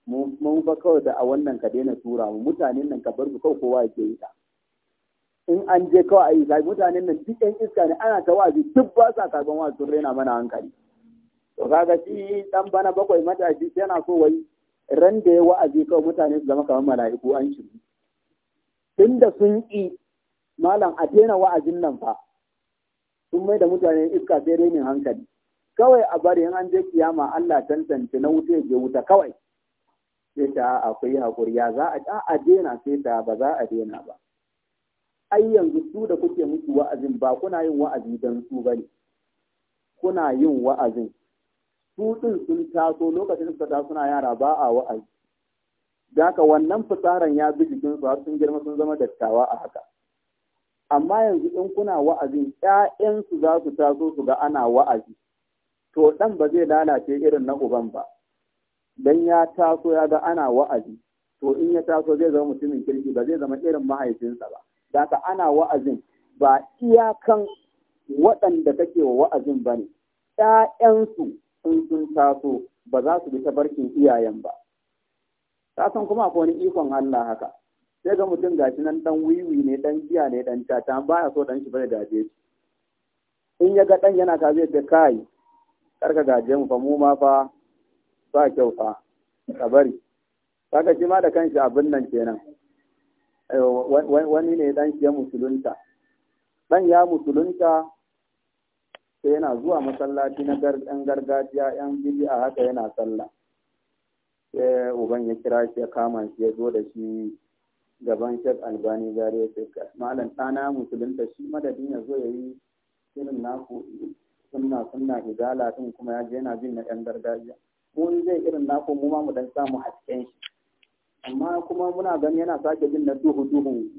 mun fa kawai da a wannan ka daina tura mu mutanen nan ka bar su kowa yake yi ta in an je kawai a yi sai mutanen nan duk yan iska ne ana ta wa'azi duk ba sa karban sun raina mana hankali to kaga shi ɗan bana bakwai matashi yana so wai ran da ya wa'azi kawai mutane su zama kamar mala'iku an shi da sun ƙi malam a daina wa'azin nan fa sun mai da mutane iska sai renin hankali kawai a bari in an je kiyama Allah tantance na wuce je wuta kawai sai ta akwai hakuri ya za a a daina sai ta ba za a daina ba ai yanzu su da kuke musu wa'azin ba kuna yin wa'azi don su ba bane kuna yin wa'azin su ɗin sun taso lokacin da ta suna yara ba a wa'azi Daka wannan fitsarin ya bi jikinsu har sun girma sun zama dattawa a haka. Amma yanzu in kuna wa'azin ‘ya'yansu za su taso su ga ana wa'azi, to ɗan ba zai lalace irin na uban ba, Dan ya taso ya ga ana wa'azi, to in ya taso zai zama mutumin kirki ba zai zama irin mahaifinsa ba. Daka ana wa'azin ba iyakan waɗanda kake wa wa'azin ba ne, ‘ya'yansu sun sun taso ba za su bi barkin iyayen ba. san kuma akwai wani ikon Allah haka, sai ga mutum gashi nan ɗan wiwi ne, ɗan jiya ne, ɗan caca, ba ya so ɗan shi bane gaje shi. In ya ga ɗan yana ta zai ce kai, karka gaje mu fa mu ma fa ba kyau fa, ka bari. ka shi ma da kanshi abin nan kenan. Eh, wani ne dan ya musulunta Ɗan ya musulunta sai yana zuwa masallaci na yan gargajiya yan a haka yana sallah sai eh, uban ya kira shi ya kama shi ya zo da shi gaban shek albani gari ya ce malam tana musulunta shi madadin ya zo ya yi irin naku sunna sunna hidala din kuma ya je yana bin na yan gargajiya mun zai irin naku mu ma mu dan samu hasken shi amma kuma muna gani yana sake jin na duhu duhu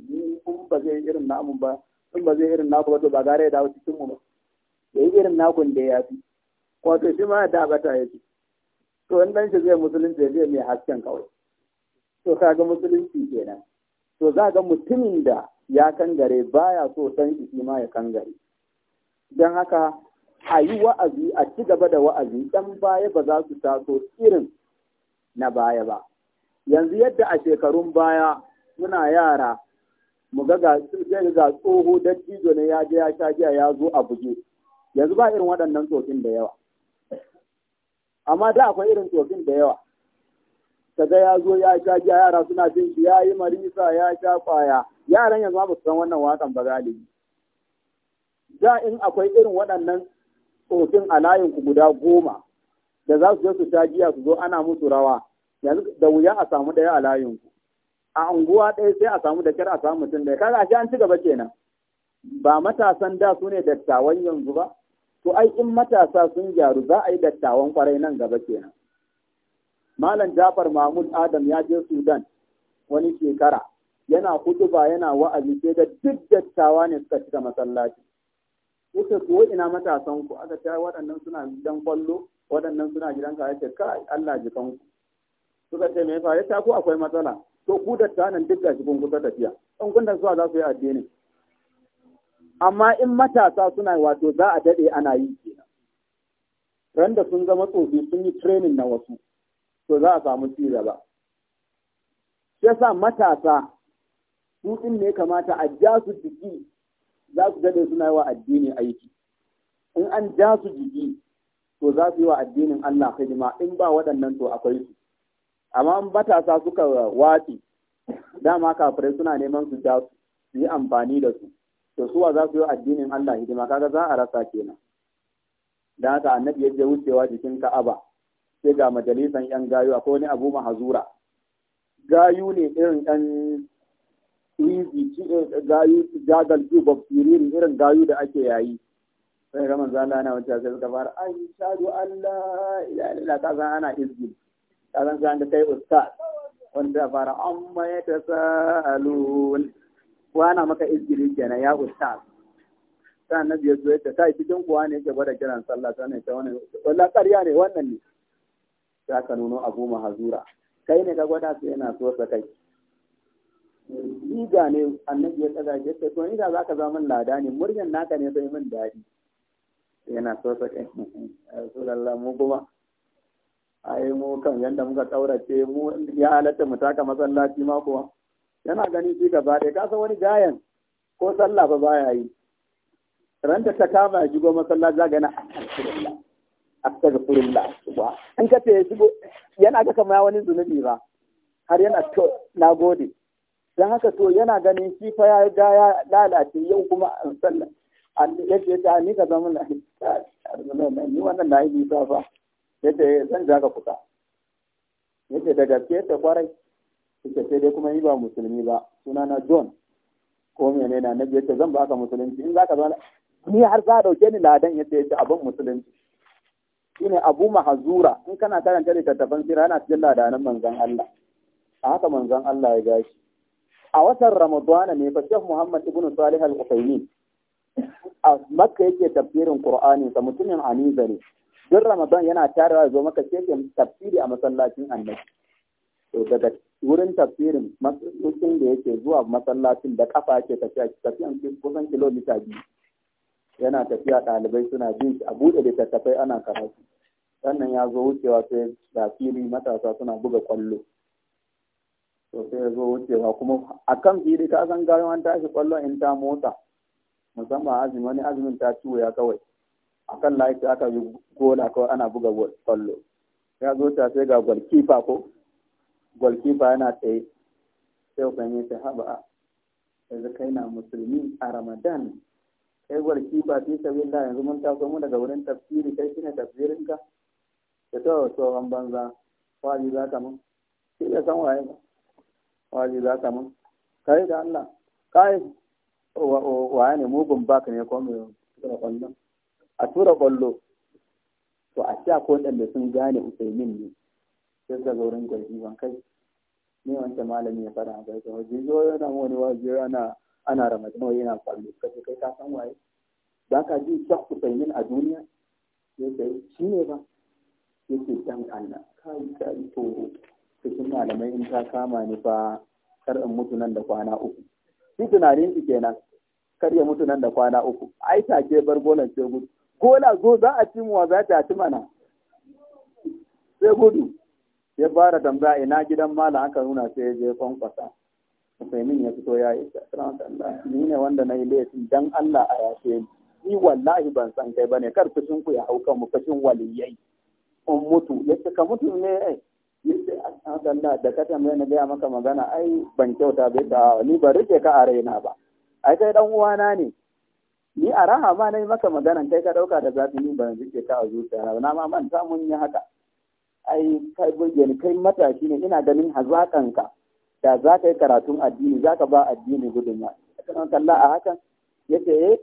in ba zai irin namu ba in ba zai irin naku ba to ba gare da dawo cikin mu ba ya yi irin nakun da ya fi wato shi ma da bata ya fi. to in dan shi zai musulunci zai mai hasken kawai to kaga musulunci kenan to za ga mutumin da ya kangare baya so san shi shi ma ya kangare don haka a yi wa'azi a ci gaba da wa'azi dan baya ba za su taso irin na baya ba yanzu yadda a shekarun baya muna yara mu ga ga ga tsoho dattijo ne ya je ya sha giya ya zo a buge yanzu ba irin waɗannan tsofin da yawa amma da akwai irin tsofin da yawa kaga ya zo ya sha giya yara suna jin ya yi marisa ya sha kwaya yaran yanzu ba su san wannan wakan ba galibi da in akwai irin waɗannan tsofin a layin ku guda goma da za su je su sha giya su zo ana musu rawa yanzu da wuya a samu ɗaya a layinku. a unguwa ɗaya sai a samu da kyar a samu mutum ɗaya kaga shi an ci gaba kenan ba matasan da su ne dattawan yanzu ba to ai in matasa sun gyaru za a yi dattawan kwarai nan gaba kenan malam jafar mahmud adam ya je sudan wani shekara yana ba yana wa'azi sai da duk dattawa ne suka cika masallaci kuka ko ina matasan ku aka ta waɗannan suna gidan kwallo waɗannan suna gidan kaya ce kai Allah jikan ku suka ce mai faru ta ko akwai matsala to ku da ta nan duk gashi kun kusa tafiya in kun zuwa za su yi addini amma in matasa suna wato za a dade ana yi kenan ran da sun zama tsofi sun yi training na wasu to za a samu ci gaba shi yasa matasa su din ne kamata a ja su jiki za su dade suna yi wa addini aiki in an ja su jiki to za su yi wa addinin Allah hidima in ba waɗannan to akwai su amma matasa suka watsi dama kafirai suna neman su ja su yi amfani da su to suwa za su yi addinin Allah hidima kaga za a rasa kenan da haka annabi ya je wucewa jikin Ka'aba sai ga majalisan yan gayu akwai wani Abu Mahazura gayu ne irin yan easy eh, gayu jagal jubab siriri irin gayu da ake yayi sai ramazan manzo Allah sai suka fara ai shadu Allah ila ila ka san ana izgil kasan sa ta yi usta ustaz wanda fara amma ya ta salun wana maka izgiri gana ya ustaz ta na biyar zuwa ta sai cikin kuwa ne yake gwada kiran sallah ta ne ta wani wallahi ƙarya ne wannan ne za ka nuno abu mahazura kai ne ka gwada su yana so sa kai riga ne annabi ya tsaga ya ce to ni da zaka zama lada ne muryan naka ne sai min dadi yana so sa kai rasulullah mu kuma ai mu kan yanda muka tsaurace mu ya halatta mu taka masallaci ma kuwa yana gani shi gaba ɗaya ka san wani gayan ko sallah ba baya yi ranta ta kama ya shigo masallaci zaga na astaghfirullah astaghfirullah wa in ka ce shigo yana ga kamar wani zunubi ba har yana to nagode dan haka to yana ganin shi fa ya ga ya lalace yau kuma an sallah an yace ta ni ka zama na ni wannan na yi nisa fa ya ce eh, zan ja ka ya ce da gaske ta kwarai suka sai dai kuma ni ba musulmi ba suna na john ko mene na nabi yace zan baka musulunci in zaka zama ni har za dauke ni ladan yadda yace abin musulunci shine abu mahazura in kana karanta littattafan sira yana cikin ladanan manzon Allah a haka manzon Allah ya gashi a watan ramadana ne fa shehu Muhammad ibn Salih al qusaini a Makka yake tafsirin Qur'ani sa mutumin Aniza ne duk Ramadan yana tarawa zo maka cikin tafsiri a masallacin annabi to daga wurin tafsirin masallacin da yake zuwa masallacin da kafa yake tafiya tafiyan kusan kilomita biyu yana tafiya ɗalibai suna bin shi a buɗe littattafai ana karatu sannan ya zo wucewa sai da fili matasa suna buga kwallo to sai ya zo wucewa kuma a kan fili ka san gayo tashi kwallo in ta motsa musamman azumi wani azumin ta ciwo ya kawai akan layi sai aka yi gola ko ana buga kwallo ya zo ta sai ga golkipa ko golkipa yana tsaye sai yi ta haba yanzu kai na musulmi a ramadan kai golkipa fi sabila yanzu mun taso mu daga wurin tafsiri kai shine tafsirinka da tawa an banza wajen za ka mun shi da san waye ba wajen za ka mun kai da Allah kai waye ne mugun baka ne ko mai suka kwallon a tura kwallo to a sha ko waɗanda sun gane usaimin ne sai ga zaurin gwaji ban kai ne wancan malami ya fara ga ga waje zo yana wani waje ana ana ramadan yana kwallo kace kai ka san waye ba ka ji shak usaimin a duniya yace shi ne ba ya yace dan Allah kai kai to cikin malamai in ta kama ni fa kar in mutu nan da kwana uku shi tunanin shi kenan kar ya mutu nan da kwana uku ai take bar golan ce gudu ko zo za a ci muwa za ta ci mana sai gudu ya fara tambaya ina gidan mala aka nuna sai ya je kwankwasa min ya fito ya yi ni ne wanda na yi laifin dan Allah a yashe ni ni wallahi ban san kai bane kar fushin ku ya hau kan fushin waliyai in mutu ya ce ka mutu ne ai yace Allah da ka tambaye na gaya maka magana ai ban kyauta bai da ni ba rike ka a raina ba ai kai dan uwana ne ni a raha ma na yi maka magana kai ka ɗauka da zafi ni ban zuke ka a zuciya na ma manta mun yi haka ai kai burge ni kai matashi ne ina ganin hazaƙanka da za ka yi karatun addini za ka ba addini gudunma kan kalla a hakan yace eh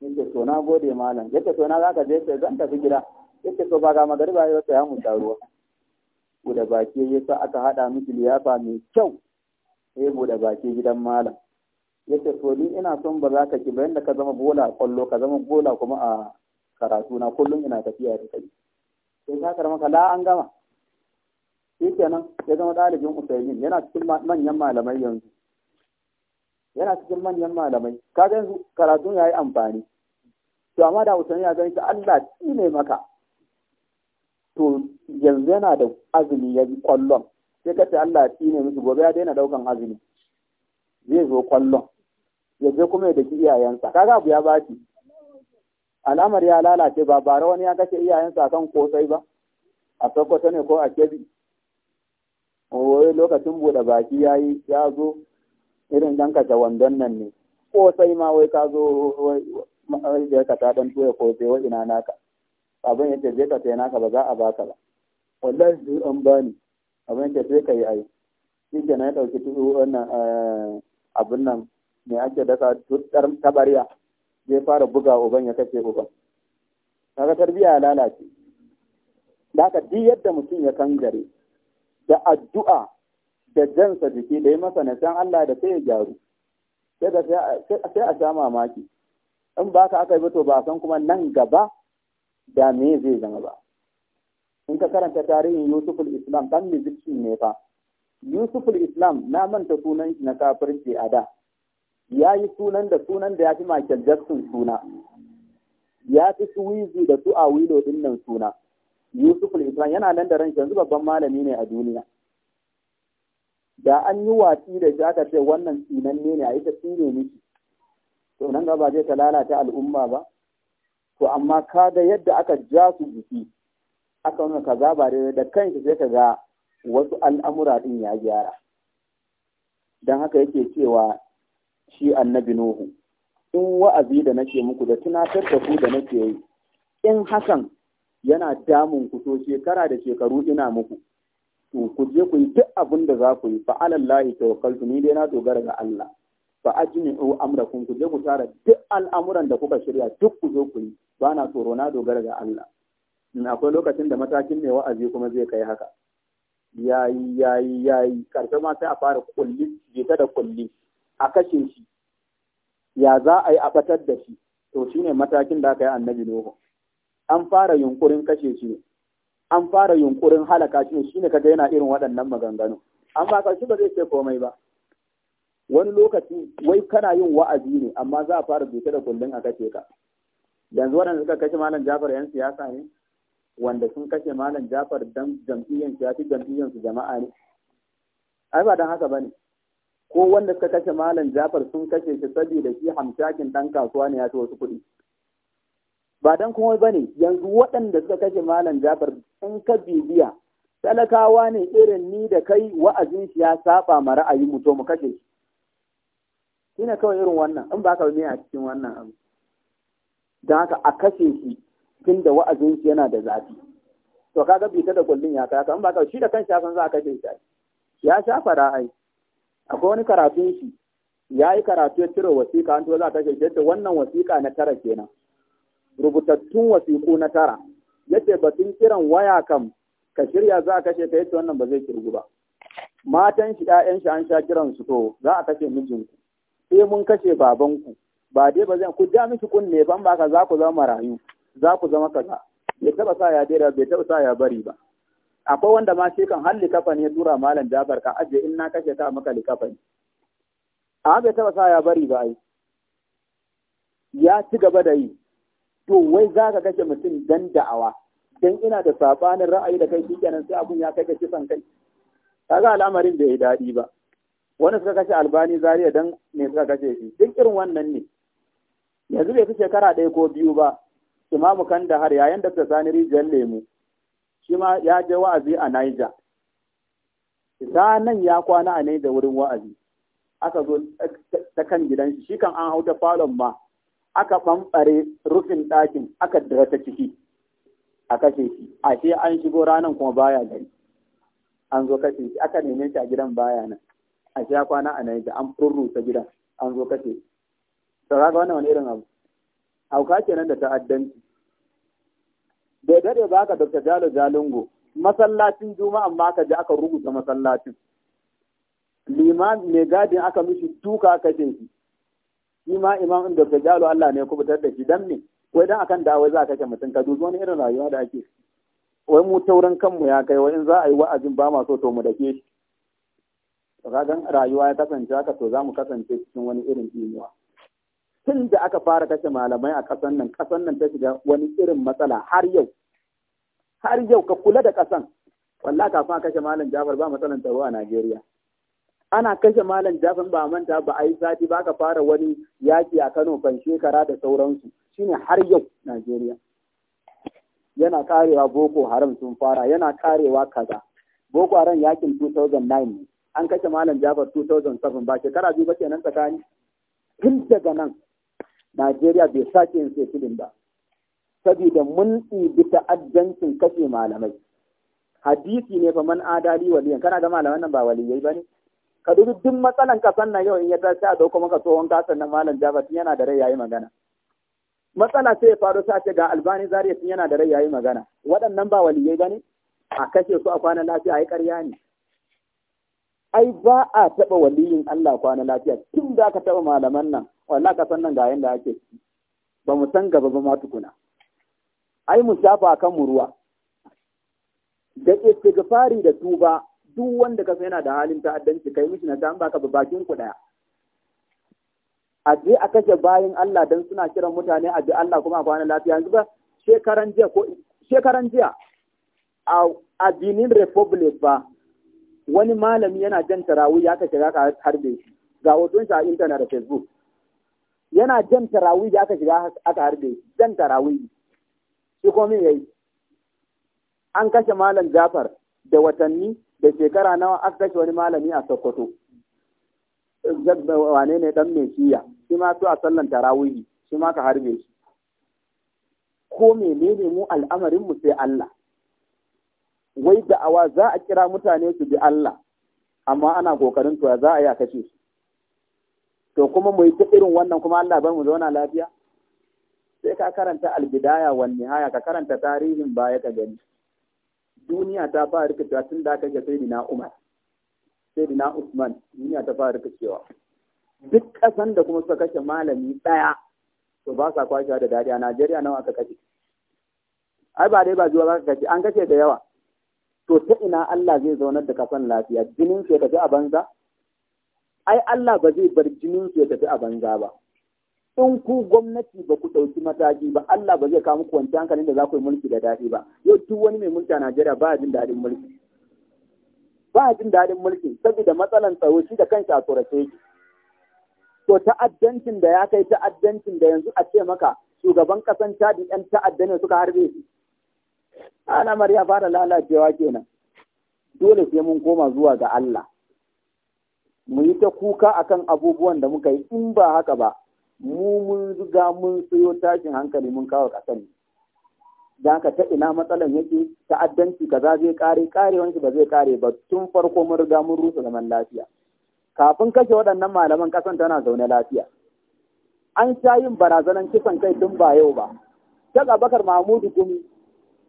yace to na gode malam yace to na za ka je ce zan tafi gida yace to ba ga magariba ya tsaya mu taruwa.' ruwa bude baki yasa aka hada miki liyafa mai kyau sai bude baki gidan malam yace to ni ina son ba za ka ki bayan da ka zama bola a kwallo ka zama bola kuma a karatu na kullum ina tafiya da kai sai ka karama ka la an gama shikenan ya zama ɗalibin usaimin yana cikin manyan malamai yanzu yana cikin manyan malamai ka ga yanzu karatun yayi amfani to amma da usaimin ya gani Allah ne maka to yanzu yana da azumi ya bi kwallon sai ka ce Allah ya ne miki gobe ya daina daukan azumi zai zo kwallon ya je kuma ya daki iyayensa kaga abu ya baci al'amar ya lalace ba bara wani ya kashe iyayensa akan kosai ba a sokoto ne ko a kebi wai lokacin buɗe baki ya yi ya zo irin dan kashe wandon nan ne kosai ma wai ka zo wai da ka ta dan tuya kosai wai ina naka abin yace je ka sai naka ba za a baka ba wallahi zai an bani abin yace sai ka yi ai shi ke na ya ɗauki tuɗu wannan eh, abin nan me ake daka tutar tabariya zai fara buga uban ya kace uban kaga tarbiya ya lalace da ka di yadda mutum ya kangare da addu'a da jansa jiki da yi masa nasan Allah da sai ya gyaru sai a sha mamaki in ba aka yi to ba san kuma nan gaba da me zai zama ba in ka karanta tarihin yusuful islam dan zikin ne fa yusuful islam na manta sunan shi na kafirci a da ya yi sunan da sunan da ya fi Michael Jackson suna, ya fi Suwizi da su a din nan suna, Yusuf Ibrahim yana nan da ran yanzu babban malami ne a duniya. Da an yi watsi da shi aka ce wannan tsinanne ne a ita sune miki, to nan gaba zai ta lalata al'umma ba, to amma ka ga yadda aka ja su jiki, aka nuna kaza ba da kanshi sai ka ga wasu al'amura din ya gyara. Don haka yake cewa shi annabi Nuhu in wa'azi da nake muku da tunatar da ku da nake yi in hakan yana damun ku to shekara da shekaru ina muku to ku je ku yi duk abin da za ku yi fa alallahi tawakkaltu ni dai na dogara ga Allah fa ajmi'u amrakum ku je ku tara duk al'amuran da kuka shirya duk ku zo ku yi ba na tsoro na dogara ga Allah in akwai lokacin da matakin mai wa'azi kuma zai kai haka yayi yayi yayi karfe ma sai a fara kulli jita da kulli a kashe shi ya za a yi a ɓatar da shi to shine matakin da aka yi annabi Nuhu an fara yunkurin kashe shi ne an fara yunkurin halaka shi ne ne kaga yana irin waɗannan maganganu amma karshe ba zai ce komai ba wani lokaci wai kana yin wa'azi ne amma za a fara bita da kullum a kashe ka yanzu waɗanda suka kashe malam Jafar yan siyasa ne wanda sun kashe malam Jafar dan jam'iyyar ya jam'iyyar su jama'a ne ai ba don haka ba ne. ko wanda suka kashe malam Jafar sun kashe shi saboda shi hamshakin dan kasuwa ne ya ci wasu kuɗi ba dan kuma ba ne, yanzu waɗanda suka kashe malam Jafar sun ka bibiya talakawa ne irin ni da kai wa'azin shi ya saba ma ra'ayin mu to mu kashe shi shine kawai irin wannan in ba ka bi a cikin wannan abu Dan haka a kashe shi tun da wa'azin shi yana da zafi to kaga ta da kullun ya kaya in ba ka shi da kan shafin san za a kashe shi ya sha fara ai akwai wani karatun shi ya yi karatu ya cire wasiƙa an tura za ta shi yace wannan wasiƙa na tara kenan rubutattun wasiƙu na tara yace batun kiran waya kam ka shirya za a kashe ka yace wannan ba zai kirgu ba matan shi ƴaƴan shi an sha kiran su to za a kashe mijinku sai mun kashe babanku ba dai ba zan ku ja miki kunne ban ba ka za ku zama marayu za ku zama kaza bai taɓa sa ya dera bai taɓa sa ya bari ba akwai wanda ma shi kan halli ya tura malam jabar ka ajiye in na kashe ta maka ne a bai taba sa ya bari ba ai ya ci gaba da yi to wai za ka kashe mutum dan da'awa dan ina da sabanin ra'ayi da kai shikenan sai abun ya kai ka kisan kai kaga al'amarin bai yi daɗi ba wani suka kashe albani zariya dan ne suka kashe shi duk irin wannan ne yanzu bai fi shekara ɗaya ko biyu ba imamu kan da har yayin da ta sani rijiyar lemu shi ma ya je wa'azi a Niger nan ya kwana a Niger wurin wa'azi aka zo ta kan gidan shi kan an hau ta falon ma aka ɓamɓare rufin ɗakin aka dira ta ciki a kashe shi ashe an shigo ranar kuma baya gari an zo kashe shi aka neme shi a gidan baya nan shi ya kwana a Niger an ta gidan an zo kashe shi to kaga wannan wani irin abu hauka kenan da ta'addanci bai dade ba ka Dr. Jalo Jalingo masallacin Juma'a ma ka je aka rubuta masallacin liman mai gadin aka mishi duka aka ce shi shi ma imam in Dr. Jalo Allah ne kubutar da shi dan ne ko idan akan dawo za ka kashe mutum ka dubi wani irin rayuwa da ake wai mu taurin kanmu ya kai wai in za a yi wa'azin ba ma so to mu dake shi ka rayuwa ya kasance haka to za mu kasance cikin wani irin inuwa tun da aka fara kashe malamai a ƙasan nan ƙasan nan ta shiga wani irin matsala har yau har yau ka kula da ƙasan walla kafin a kashe malam Jafar ba matsalan taro a Najeriya ana kashe malam Jafar ba manta ba a yi sati ba ka fara wani yaƙi a Kano kan shekara da sauransu shine har yau Najeriya yana karewa Boko Haram sun fara yana karewa kaza Boko Haram yakin 2009 ne an kashe malam Jafar 2007 ba shekara biyu ba kenan tsakani tun daga nan Najeriya bai sake yin setilin ba. Saboda mun ɗibi ta'addancin kashe malamai. Hadisi ne fa man adali waliyan kana ga malaman nan ba waliyai ba ne. Ka dubi duk matsalan kasan nan yau in ya tashi a dauko maka tsohon kasan na malam Jabat yana da rai yayi magana. Matsala sai ya faru sai ce ga Albani Zariya yana da rai yayi magana. Waɗannan ba waliyai ba ne? A kashe su a kwanan lafiya a ƙarya ne. ai ba a taɓa waliyin Allah kwana lafiya tun da aka taɓa malaman nan wallahi kasan nan ga yanda ake ciki ba mu san gaba ba ma tukuna ai mu shafa kan mu ruwa da istighfari da tuba duk wanda kasa yana da halin ta'addanci kai mishi na ta baka ba bakin ku daya a je a kashe bayan Allah dan suna kiran mutane a ji Allah kuma a kwana lafiya yanzu ba shekaran jiya ko shekaran jiya a Benin Republic ba wani malami yana jan tarawih ya kashe ka harbe shi ga hoton shi a internet da Facebook yana jan tarawih da aka shiga aka harbe jan tarawih shi kuma ya yi an kashe malam jafar da watanni da shekara nawa aka kashe wani malami a sokoto wane ne dan shiya shi ma su a sallan tarawihi shi ma ka harbe shi ko menene mu al'amarin mu sai Allah wai da'awa za a kira mutane su bi Allah amma ana kokarin to za a yi a kashe su to kuma mu yi ta irin wannan kuma Allah bar mu zauna lafiya sai ka karanta albidaya wan nihaya ka karanta tarihin baya ka gani duniya ta fara rikicewa tun da aka sai dina Umar dina Usman duniya ta fara rikicewa duk kasan da kuma suka kashe malami daya to ba sa kwashewa da dariya Najeriya nawa aka kashe ai ba dai ba zuwa ba ka kashe an kashe da yawa to ta ina Allah zai zaunar da kasan lafiya jinin ke tafi a banza ai Allah ba zai bar jinin su ya tafi a banza ba in ku gwamnati ba ku ɗauki mataki ba Allah ba zai kawo muku wancan hankalin da za ku yi mulki da daɗi ba yau duk wani mai mulki a Najeriya ba jin daɗin mulki ba jin daɗin mulki saboda matsalan tsaro shi da kansa a tsorace yake to ta'addancin da ya kai ta'addancin da yanzu a ce maka shugaban ƙasan Chadi 'yan ta'adda ne suka harbe shi al'amari ya fara lalacewa kenan dole sai mun koma zuwa ga Allah mu yi ta kuka akan abubuwan da muka yi in ba haka ba mu mun riga mun sayo tashin hankali mun kawo kasani da haka ta ina matsalan yake ta'addanci kaza zai kare kare ba zai kare ba tun farko mun riga mun rusa zaman lafiya kafin kashe waɗannan malaman kasan tana zaune lafiya an sha yin barazanan kisan kai tun ba yau ba Ta Abakar Mahmudu Gumi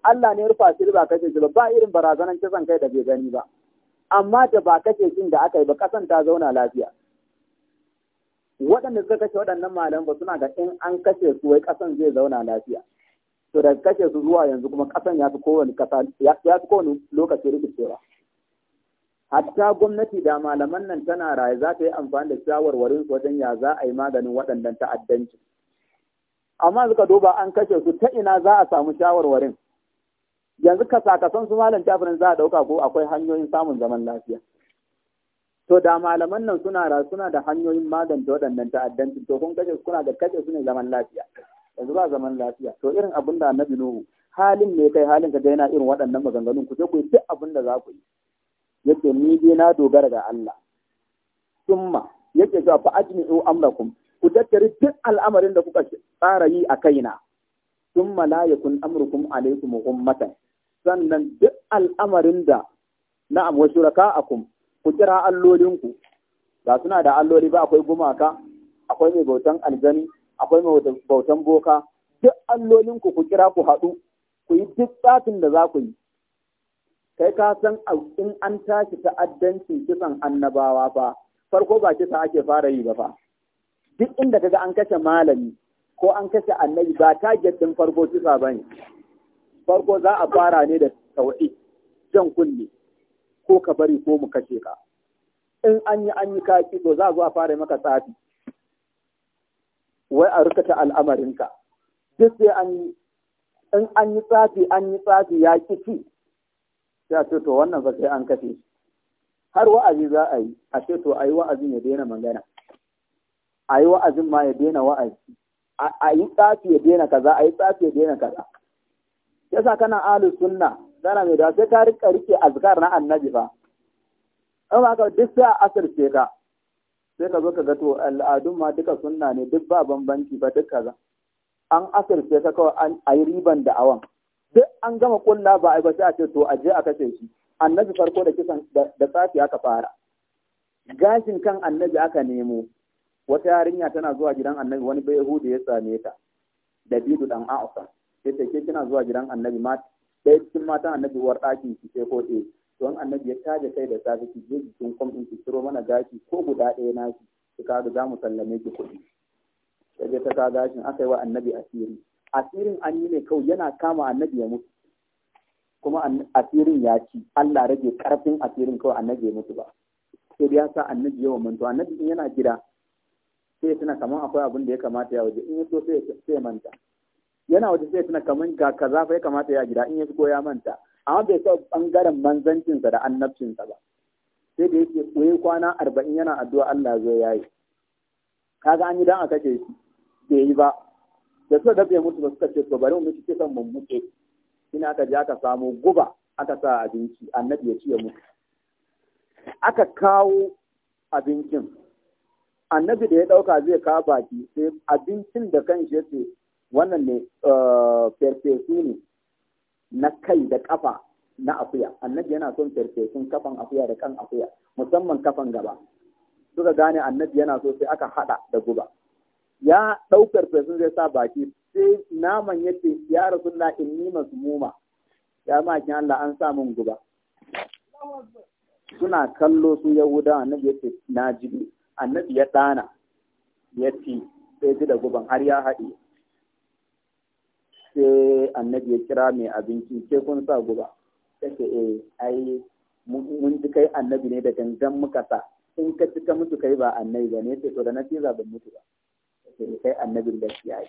Allah ne rufa shi ba kashe shi ba irin barazanan kisan kai da bai gani ba amma da ba kashe shin da aka yi ba kasan ta zauna lafiya waɗanda suka kashe waɗannan malam ba suna ga in an kashe su wai kasan zai zauna lafiya to da kashe su zuwa yanzu kuma kasan ya fi kowane kasa ya fi kowane lokaci rikicewa hatta gwamnati da malaman nan tana raye za ta yi amfani da shawarwarin su wajen ya za a yi maganin waɗannan ta'addanci amma suka duba an kashe su ta ina za a samu shawarwarin yanzu kasakasan su malam jafirin za a ɗauka ko akwai hanyoyin samun zaman lafiya to da malaman nan suna suna da hanyoyin magance waɗannan ta'addanci to kun kace kuna da kace su ne zaman lafiya yanzu ba zaman lafiya to irin abin da annabi nuhu halin ne kai halin ka yana irin waɗannan maganganun ku je ku yi duk abin da za ku yi yake ni dai na dogara ga Allah summa yake cewa fa ajmi'u amrakum ku tattari duk al'amarin da kuka tsara yi a kaina summa la yakun amrukum alaykum ummatan sannan duk al'amarin da na'am a shuraka'akum ku kira allolinku ba suna da alloli ba akwai gumaka akwai mai bautan aljani akwai mai bautan boka duk allolinku ku kira ku haɗu ku yi duk tsatin da za ku yi kai ka san in an tashi ta'addancin kisan annabawa fa farko ba kisa ake fara yi ba fa duk inda ga an kashe malami ko an kashe annabi ba ta farko kisa ba ne. farko za a fara ne da tawadi jan kunne ko ka bari ko mu kashe ka in an yi an yi kaki to za a zo a fara maka tsafi wai a rikata al'amarinka duk sai an yi in an yi tsafi an yi tsafi ya ki ci sai a ce to wannan ba sai an kashe shi har wa'azi za a yi a ce to a yi wa'azin ya daina magana a yi wa'azin ma ya daina wa'azi a yi tsafi ya daina kaza a yi tsafi ya daina kaza yasa kana alu sunna kana mai da sai ka rika rike azkar na annabi fa in ba ka duk sai asirce ka sai ka zo ka ga to al'adun ma duka sunna ne duk ba bambanci ba duk kaza an asirce ka kawai an ayi riban da awan duk an gama kulla ba ai ba sai a ce to aje a kashe shi annabi farko da kisan da safi aka fara gashin kan annabi aka nemo wata yarinya tana zuwa gidan annabi wani bai ya same ta da bidu dan a'usa sai ta ke kina zuwa gidan annabi ma ɗaya cikin matan annabi uwar ɗakin ki sai ko e don annabi ya taje kai da safe ki je jikin kwam ɗin ki ciro mana gashi ko guda ɗaya na ki kaga za mu sallame ki kuɗi sai ta kaga gashin aka yi wa annabi asiri asirin an yi ne kawai yana kama annabi ya mutu kuma asirin ya ci Allah rage karfin asirin kawai annabi ya mutu ba sai ya sa annabi yawan manto annabi in yana gida sai suna kamar akwai abin da ya kamata ya waje in ya so sai ya manta yana wata zai tuna kamar ga kaza fa ya kamata ya gida in ya shigo ya manta amma bai sa bangaren manzancinsa da annabcinsa ba sai da yake koyi kwana arba'in yana addu'a Allah zai yayi. kaga an yi dan a kace shi bai yi ba da suka mutu ba suka ce to bari mu ci san mun muke ina aka je aka samo guba aka sa abinci annabi ya ci ya mutu aka kawo abincin annabi da ya ɗauka zai kawo baki sai abincin da kan shi ya ce. wannan ne farfesu eh, ne na kai da kafa na akuya annabi yana son farfesun kafan akuya da kan akuya musamman kafan gaba suka gane annabi yana so sai aka haɗa da guba ya ɗaukar farfesun zai sa baki sai naman yace ya rasulullah inni muma. ya makin Allah an sa min guba suna kallo su yahuda annabi ya ce na jibi annabi ya ɗana ya sai ji da guban har ya haɗe sai annabi ya kira mai abinci ke kun sa guba take eh ai mun ji kai annabi ne da gangan muka sa in ka ci ka mutu kai ba annabi ba ne sai to da na ci ban mutu ba take kai annabin da shi yi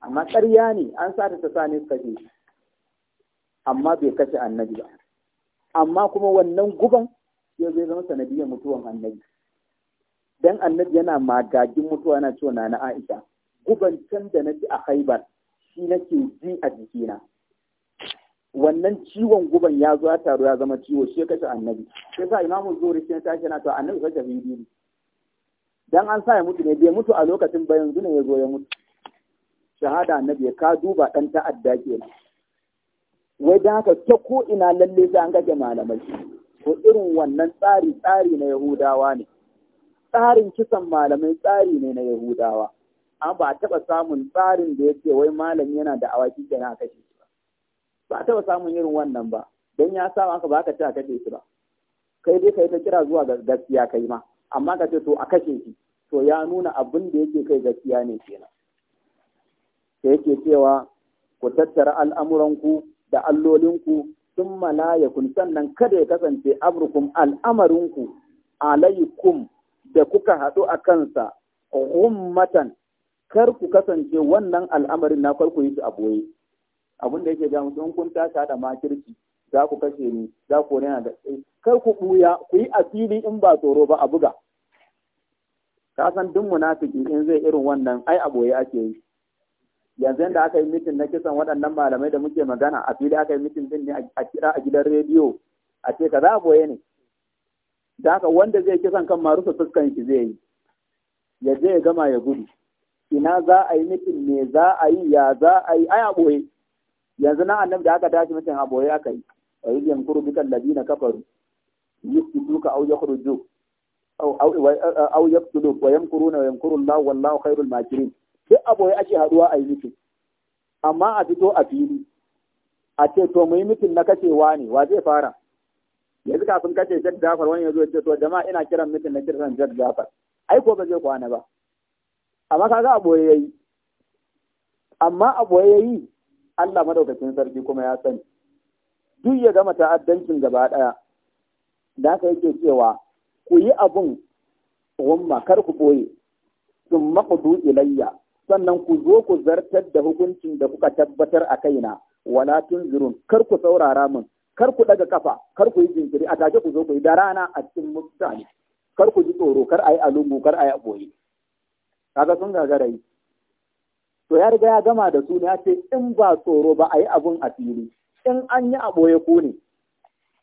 amma ƙarya ne an sa ta sa ne kashe amma bai kashe annabi ba amma kuma wannan guban ya zai zama sanadiyar mutuwan annabi dan annabi yana magagin mutuwa yana cewa na Aisha guban can da na ji a Khaibar shi nake ji a jikina wannan ciwon guban ya zo ya taru ya zama ciwo shi ya kashe annabi sai sa imamu zuri shi ta shi na to annabi fa shahidi dan an sa ya mutu ne bai mutu a lokacin ba yanzu ne ya zo ya mutu shahada annabi ka duba dan ta'adda kenan wai dan haka ta ko ina lalle sai an kake malamai ko irin wannan tsari tsari na yahudawa ne tsarin kisan malamai tsari ne na yahudawa an ba a taɓa samun tsarin da ya ce wai malami yana da awaki kenan a kashe shi ba ba a taɓa samun irin wannan ba don ya sa ba ba ka ce a kashe shi ba kai dai kai ta kira zuwa ga gaskiya kai ma amma ka ce to a kashe shi to ya nuna abin da yake kai gaskiya ne kenan sai yake cewa ku tattara al'amuranku da allolinku sun malayakun sannan kada ya kasance abrukum al'amarinku alaikum da kuka haɗu a kansa ummatan kar ku kasance wannan al'amarin na kar ku yi a boye abinda da yake ga musu in kun tasha da makirci za ku kashe ni za ku rena da kar ku buya ku yi asiri in ba tsoro ba a buga ka san duk munafiki in zai irin wannan ai a boye ake yi yanzu da aka yi mitin na kisan waɗannan malamai da muke magana a fili aka yi mitin din ne a kira a gidan rediyo a ce ka za a boye ne da haka wanda zai kisan kan marusa fuskan shi zai yi ya je ya gama ya gudu ina za a yi mitin me za a yi ya za a yi ai aboye yanzu na annabi da aka tashi mitin aboye aka yi A yi yankuru bikan na kafaru duka au jo au kuru wa yamkuruna wa yamkuru wa wallahu khairul makirin sai aboye ake haɗuwa a yi mitin amma a fito a fili a ce to mu yi mitin na kashewa ne wa zai fara yanzu kafin kace Jack dafar wani ya zo ya ce to jama'a ina kiran mitin na kiran Jack dafar? ai ko ba zai kwana ba amma kaga a boye yayi amma a boye yayi Allah madaukakin sarki kuma ya sani duk ya gama ta'addancin gaba daya da aka yake cewa ku yi abun umma kar ku boye sun maqdu ilayya sannan ku zo ku zartar da hukuncin da kuka tabbatar a kaina wala tunzirun kar ku saurara min kar ku daga kafa kar ku yi jinkiri a take ku zo ku yi da rana a cikin mutane kar ku ji tsoro kar a yi alungu kar a yi aboye kaga sun gagara yi to ya riga ya gama da su ne ya ce in ba tsoro ba a yi abun a fili in an yi a ɓoye ko ne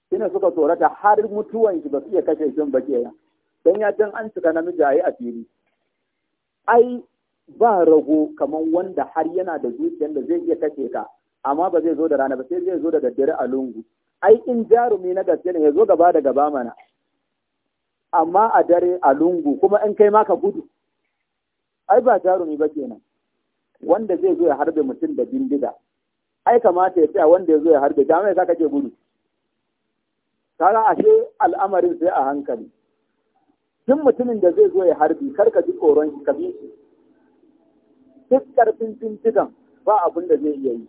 shine suka tsorata har mutuwan shi ba su iya kashe shi ba kenan dan ya dan an cika namiji a yi a fili ai ba rago kamar wanda har yana da zuciyar da zai iya kashe ka amma ba zai zo da rana ba sai zai zo da daddare a lungu ai in jarumi na gaske ne ya zo gaba da gaba mana amma a dare a lungu kuma in kai ma ka gudu ai ba jarumi ba kenan wanda zai zo ya harbe mutum da bindiga ai kamata ya tsaya wanda ya zo ya harbe ta mai sa kake gudu kaga ashe al'amarin sai a hankali duk mutumin da zai zo ya harbi kar ka ji tsoron shi ka bi shi duk karfin bincikan ba abin da zai iya yi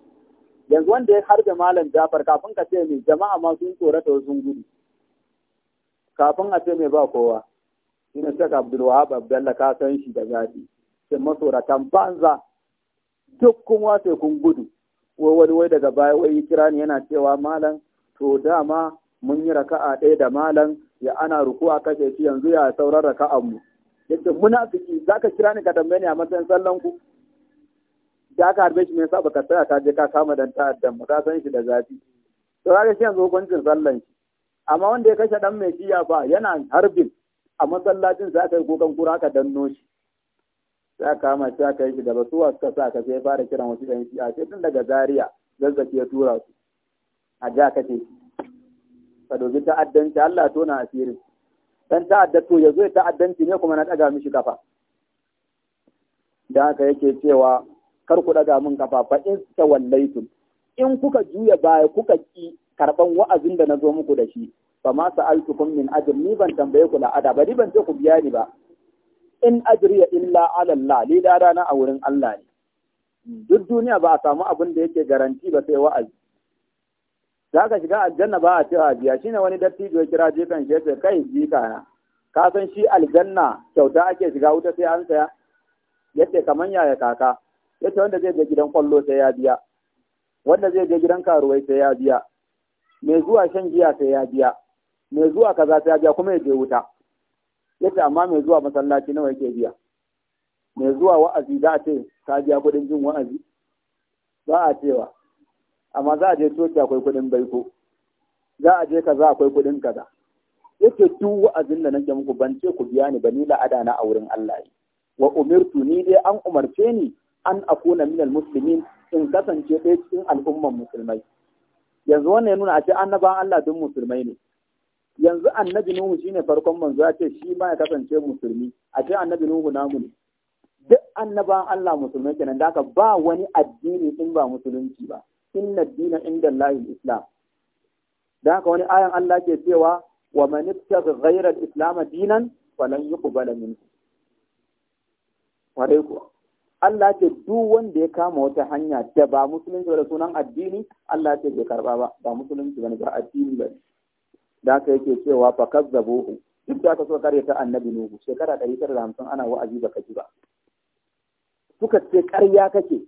yanzu wanda ya harbe malam jafar kafin ka ce mai jama'a ma sun tsorata sun gudu kafin a ce mai ba kowa Ina saka Abdul Wahab ka san shi da zafi da masoratan banza duk kun wace kun gudu wai wani wai daga baya wai ya kira ni yana cewa malam to dama mun yi raka'a ɗaya da malam ya ana a kashe shi yanzu ya sauran raka'an mu yace munafiki zaka kira ni ka tambaye ni a matsayin sallan ku da aka harbe shi me yasa baka tsaya ka je ka kama dan ta'addan mu ka san shi da zafi to ka shi yanzu hukuncin sallan shi amma wanda ya kashe dan mai ya ba yana harbin a masallacin sa aka yi kukan kura ka danno shi sai kama shi aka yi shi da basuwa suka sa ka sai fara kiran wasu ɗan shi'a sai tun daga zaria zazzaki ya tura su a ja ka ce ka dogi ta'addanci Allah tona asirin dan ta'adda to ya zo ta'addanci ne kuma na ɗaga mishi kafa da haka yake cewa kar ku ɗaga min kafa fa in ta tawallaitum in kuka juya baya kuka ki karban wa'azin da na zo muku da shi fa ma sa'altukum min ajin. ni ban tambaye ku la'ada ba ni ban ce ku biya ni ba in ajriya illa ala Allah a wurin Allah ne duk duniya ba a samu abin da yake garanti ba sai wa'azi za ka shiga aljanna ba a cewa biya shine wani dattijo ya kira jikan shi yace kai jika na ka san shi aljanna kyauta ake shiga wuta sai an saya ce kaman yaya kaka ce wanda zai je gidan kwallo sai ya biya wanda zai je gidan karuwai sai ya biya mai zuwa shan giya sai ya biya mai zuwa kaza sai ya biya kuma ya je wuta yadda amma mai zuwa masallaci nawa yake biya mai zuwa wa'azi za a ce ka biya kuɗin jin wa'azi za a cewa amma za a je coci akwai kuɗin baiko za a je kaza akwai kuɗin kaza yake duk wa'azin da nake muku ban ce ku biya ni ba ni la'ada na a wurin Allah ne wa umirtu ni dai an umarce ni an akuna al muslimin in kasance ɗaya cikin al'umman musulmai yanzu wannan ya nuna a ce annabawan Allah duk musulmai ne yanzu annabi nuhu shine farkon manzo ya ce shi ma ya kasance musulmi a ce annabi nuhu namu ne duk annaban Allah musulmai kenan da haka ba wani addini in ba musulunci ba inna dina inda Allah islam da haka wani ayan Allah ke cewa wa man ibtagha ghayra al-islam dinan falan yuqbala minhu ware kuwa Allah ce duk wanda ya kama wata hanya da ba musulunci ba da sunan addini Allah ce bai karba ba ba musulunci bane ba addini bane da haka yake cewa fa kazzabuhu duk da aka so kare ta annabi nuhu shekara ɗari 950 ana wa'azi ba ji ba suka ce karya kake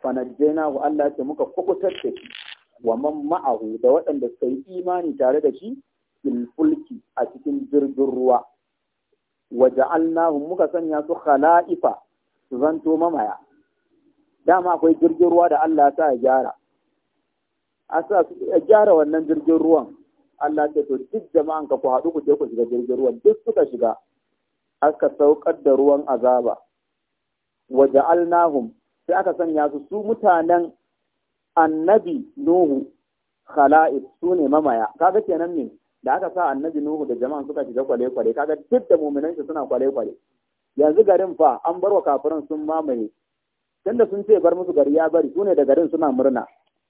fanajjaina wa Allah ce muka kubutar da shi wa man ma'ahu da waɗanda suka yi imani tare da shi fil fulki a cikin jirgin ruwa wa ja'alnahu muka sanya su khala'ifa su zanto mamaya dama akwai jirgin ruwa da Allah sa ya gyara a sa su gyara wannan jirgin ruwan Allah ce to duk jama'an ka ku haɗu ku je ku shiga jirgin ruwan duk suka shiga aka saukar da ruwan azaba wa ja'alnahum sai aka sanya su su mutanen annabi Nuhu khala'id su ne mamaya kaga kenan ne da aka sa annabi Nuhu da jama'an suka shiga kwale-kwale kaga duk da muminan su suna kwale-kwale yanzu garin fa an bar wa kafiran sun mamaye tunda sun ce bar musu gari ya bari su da garin suna murna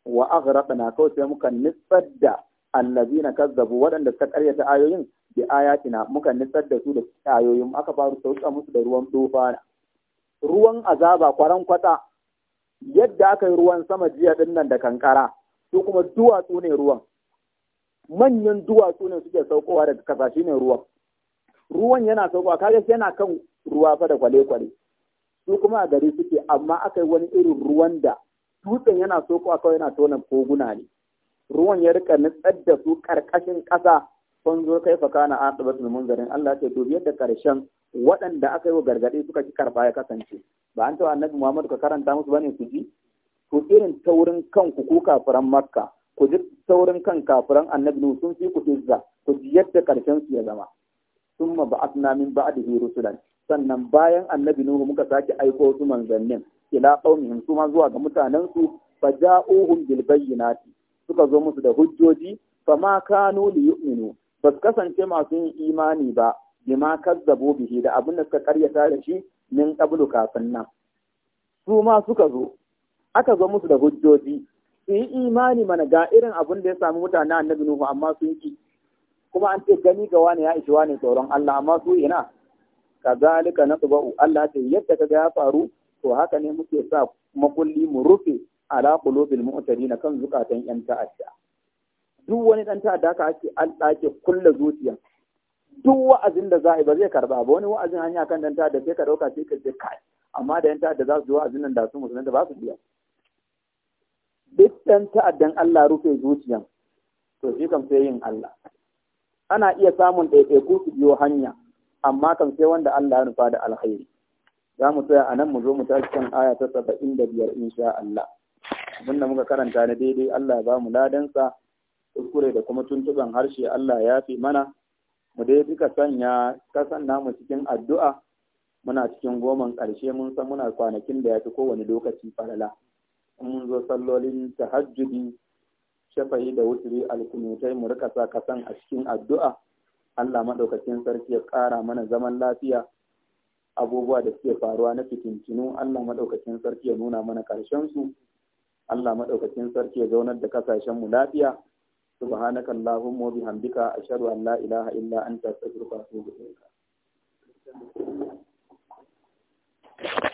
wa aghraqna kawai sai muka nitsar da na kazzabu waɗanda suka karyata ayoyin bi ayatina muka nitsar da su da ayoyin aka faru sauka musu da ruwan tufana ruwan azaba kwaran kwata yadda aka yi ruwan sama jiya din nan da kankara su kuma duwatsu ne ruwan manyan duwatsu ne suke saukowa daga kasashe ne ruwan ruwan yana saukowa kaga yana kan ruwa fa da kwale-kwale su kuma a gari suke amma aka yi wani irin ruwan da dutsen yana saukowa kawai yana tona koguna ne ruwan ya rika nutsar da su karkashin ƙasa sun zo kai fa kana mun munzarin Allah ce to biyar da karshen waɗanda aka yi wa gargaɗi suka ki karɓa ya kasance ba an tawa annabi Muhammad ka karanta musu bane su ji ku irin taurin kanku ku kafiran Makka ku ji taurin kan kafiran annabi sun fi ku izza ku ji yadda karshen su ya zama summa suna min ba'dihi rusulan sannan bayan annabi Nuhu muka sake aiko su manzannin ila qaumihim su ma zuwa ga mutanen su faja'uhum bil bayyinati suka zo musu da hujjoji ma kanu li yu'minu ba su kasance masu yin imani ba ma kazzabu bihi da abin da suka karyata da shi min qablu kafin nan su ma suka zo aka zo musu da hujjoji su yi imani mana ga irin abin da ya sami mutane annabi Nuhu amma sun ki kuma an ce gani ga wani ya ishi wani tsoron Allah amma su ina Ka kazalika nasba'u Allah ce yadda kaga ya faru to haka ne muke sa makulli mu rufe ala qulubil mu'tadin kan zukatan yan ta'adda duk wani dan ta'adda ka ake an dake kulla zuciya duk wa'azin da za'a yi ba zai karba ba wani wa'azin hanya kan dan ta'adda sai ka dauka sai ka je kai amma da yan ta'adda za su zo wa'azin nan da su musulunta ba su biya duk dan ta'addan Allah rufe zuciyan to shi kam sai yin Allah ana iya samun ko su biyo hanya amma kam sai wanda Allah ya nufa da alkhairi za mu tsaya a nan mu zo mu tashi kan aya ta saba'in da biyar insha Allah. abin muka karanta na daidai Allah ba mu ladansa kuskure da kuma tuntuban harshe Allah ya fi mana mu dai duka sanya kasan namu cikin addu'a muna cikin goman ƙarshe mun san muna kwanakin da ya fi kowane lokaci falala in mun zo sallolin tahajjudi shafayi da wuturi alkunutai mu rika sa kasan a cikin addu'a Allah maɗaukacin sarki ya ƙara mana zaman lafiya abubuwa da suke faruwa na fitintinu Allah maɗaukacin sarki ya nuna mana su. Allah maɗaukacin sarki ya zaunar da kasashen mu lafiya subhanaka allahumma wa bihamdika ashhadu an la ilaha illa anta astaghfiruka wa atubu ilaik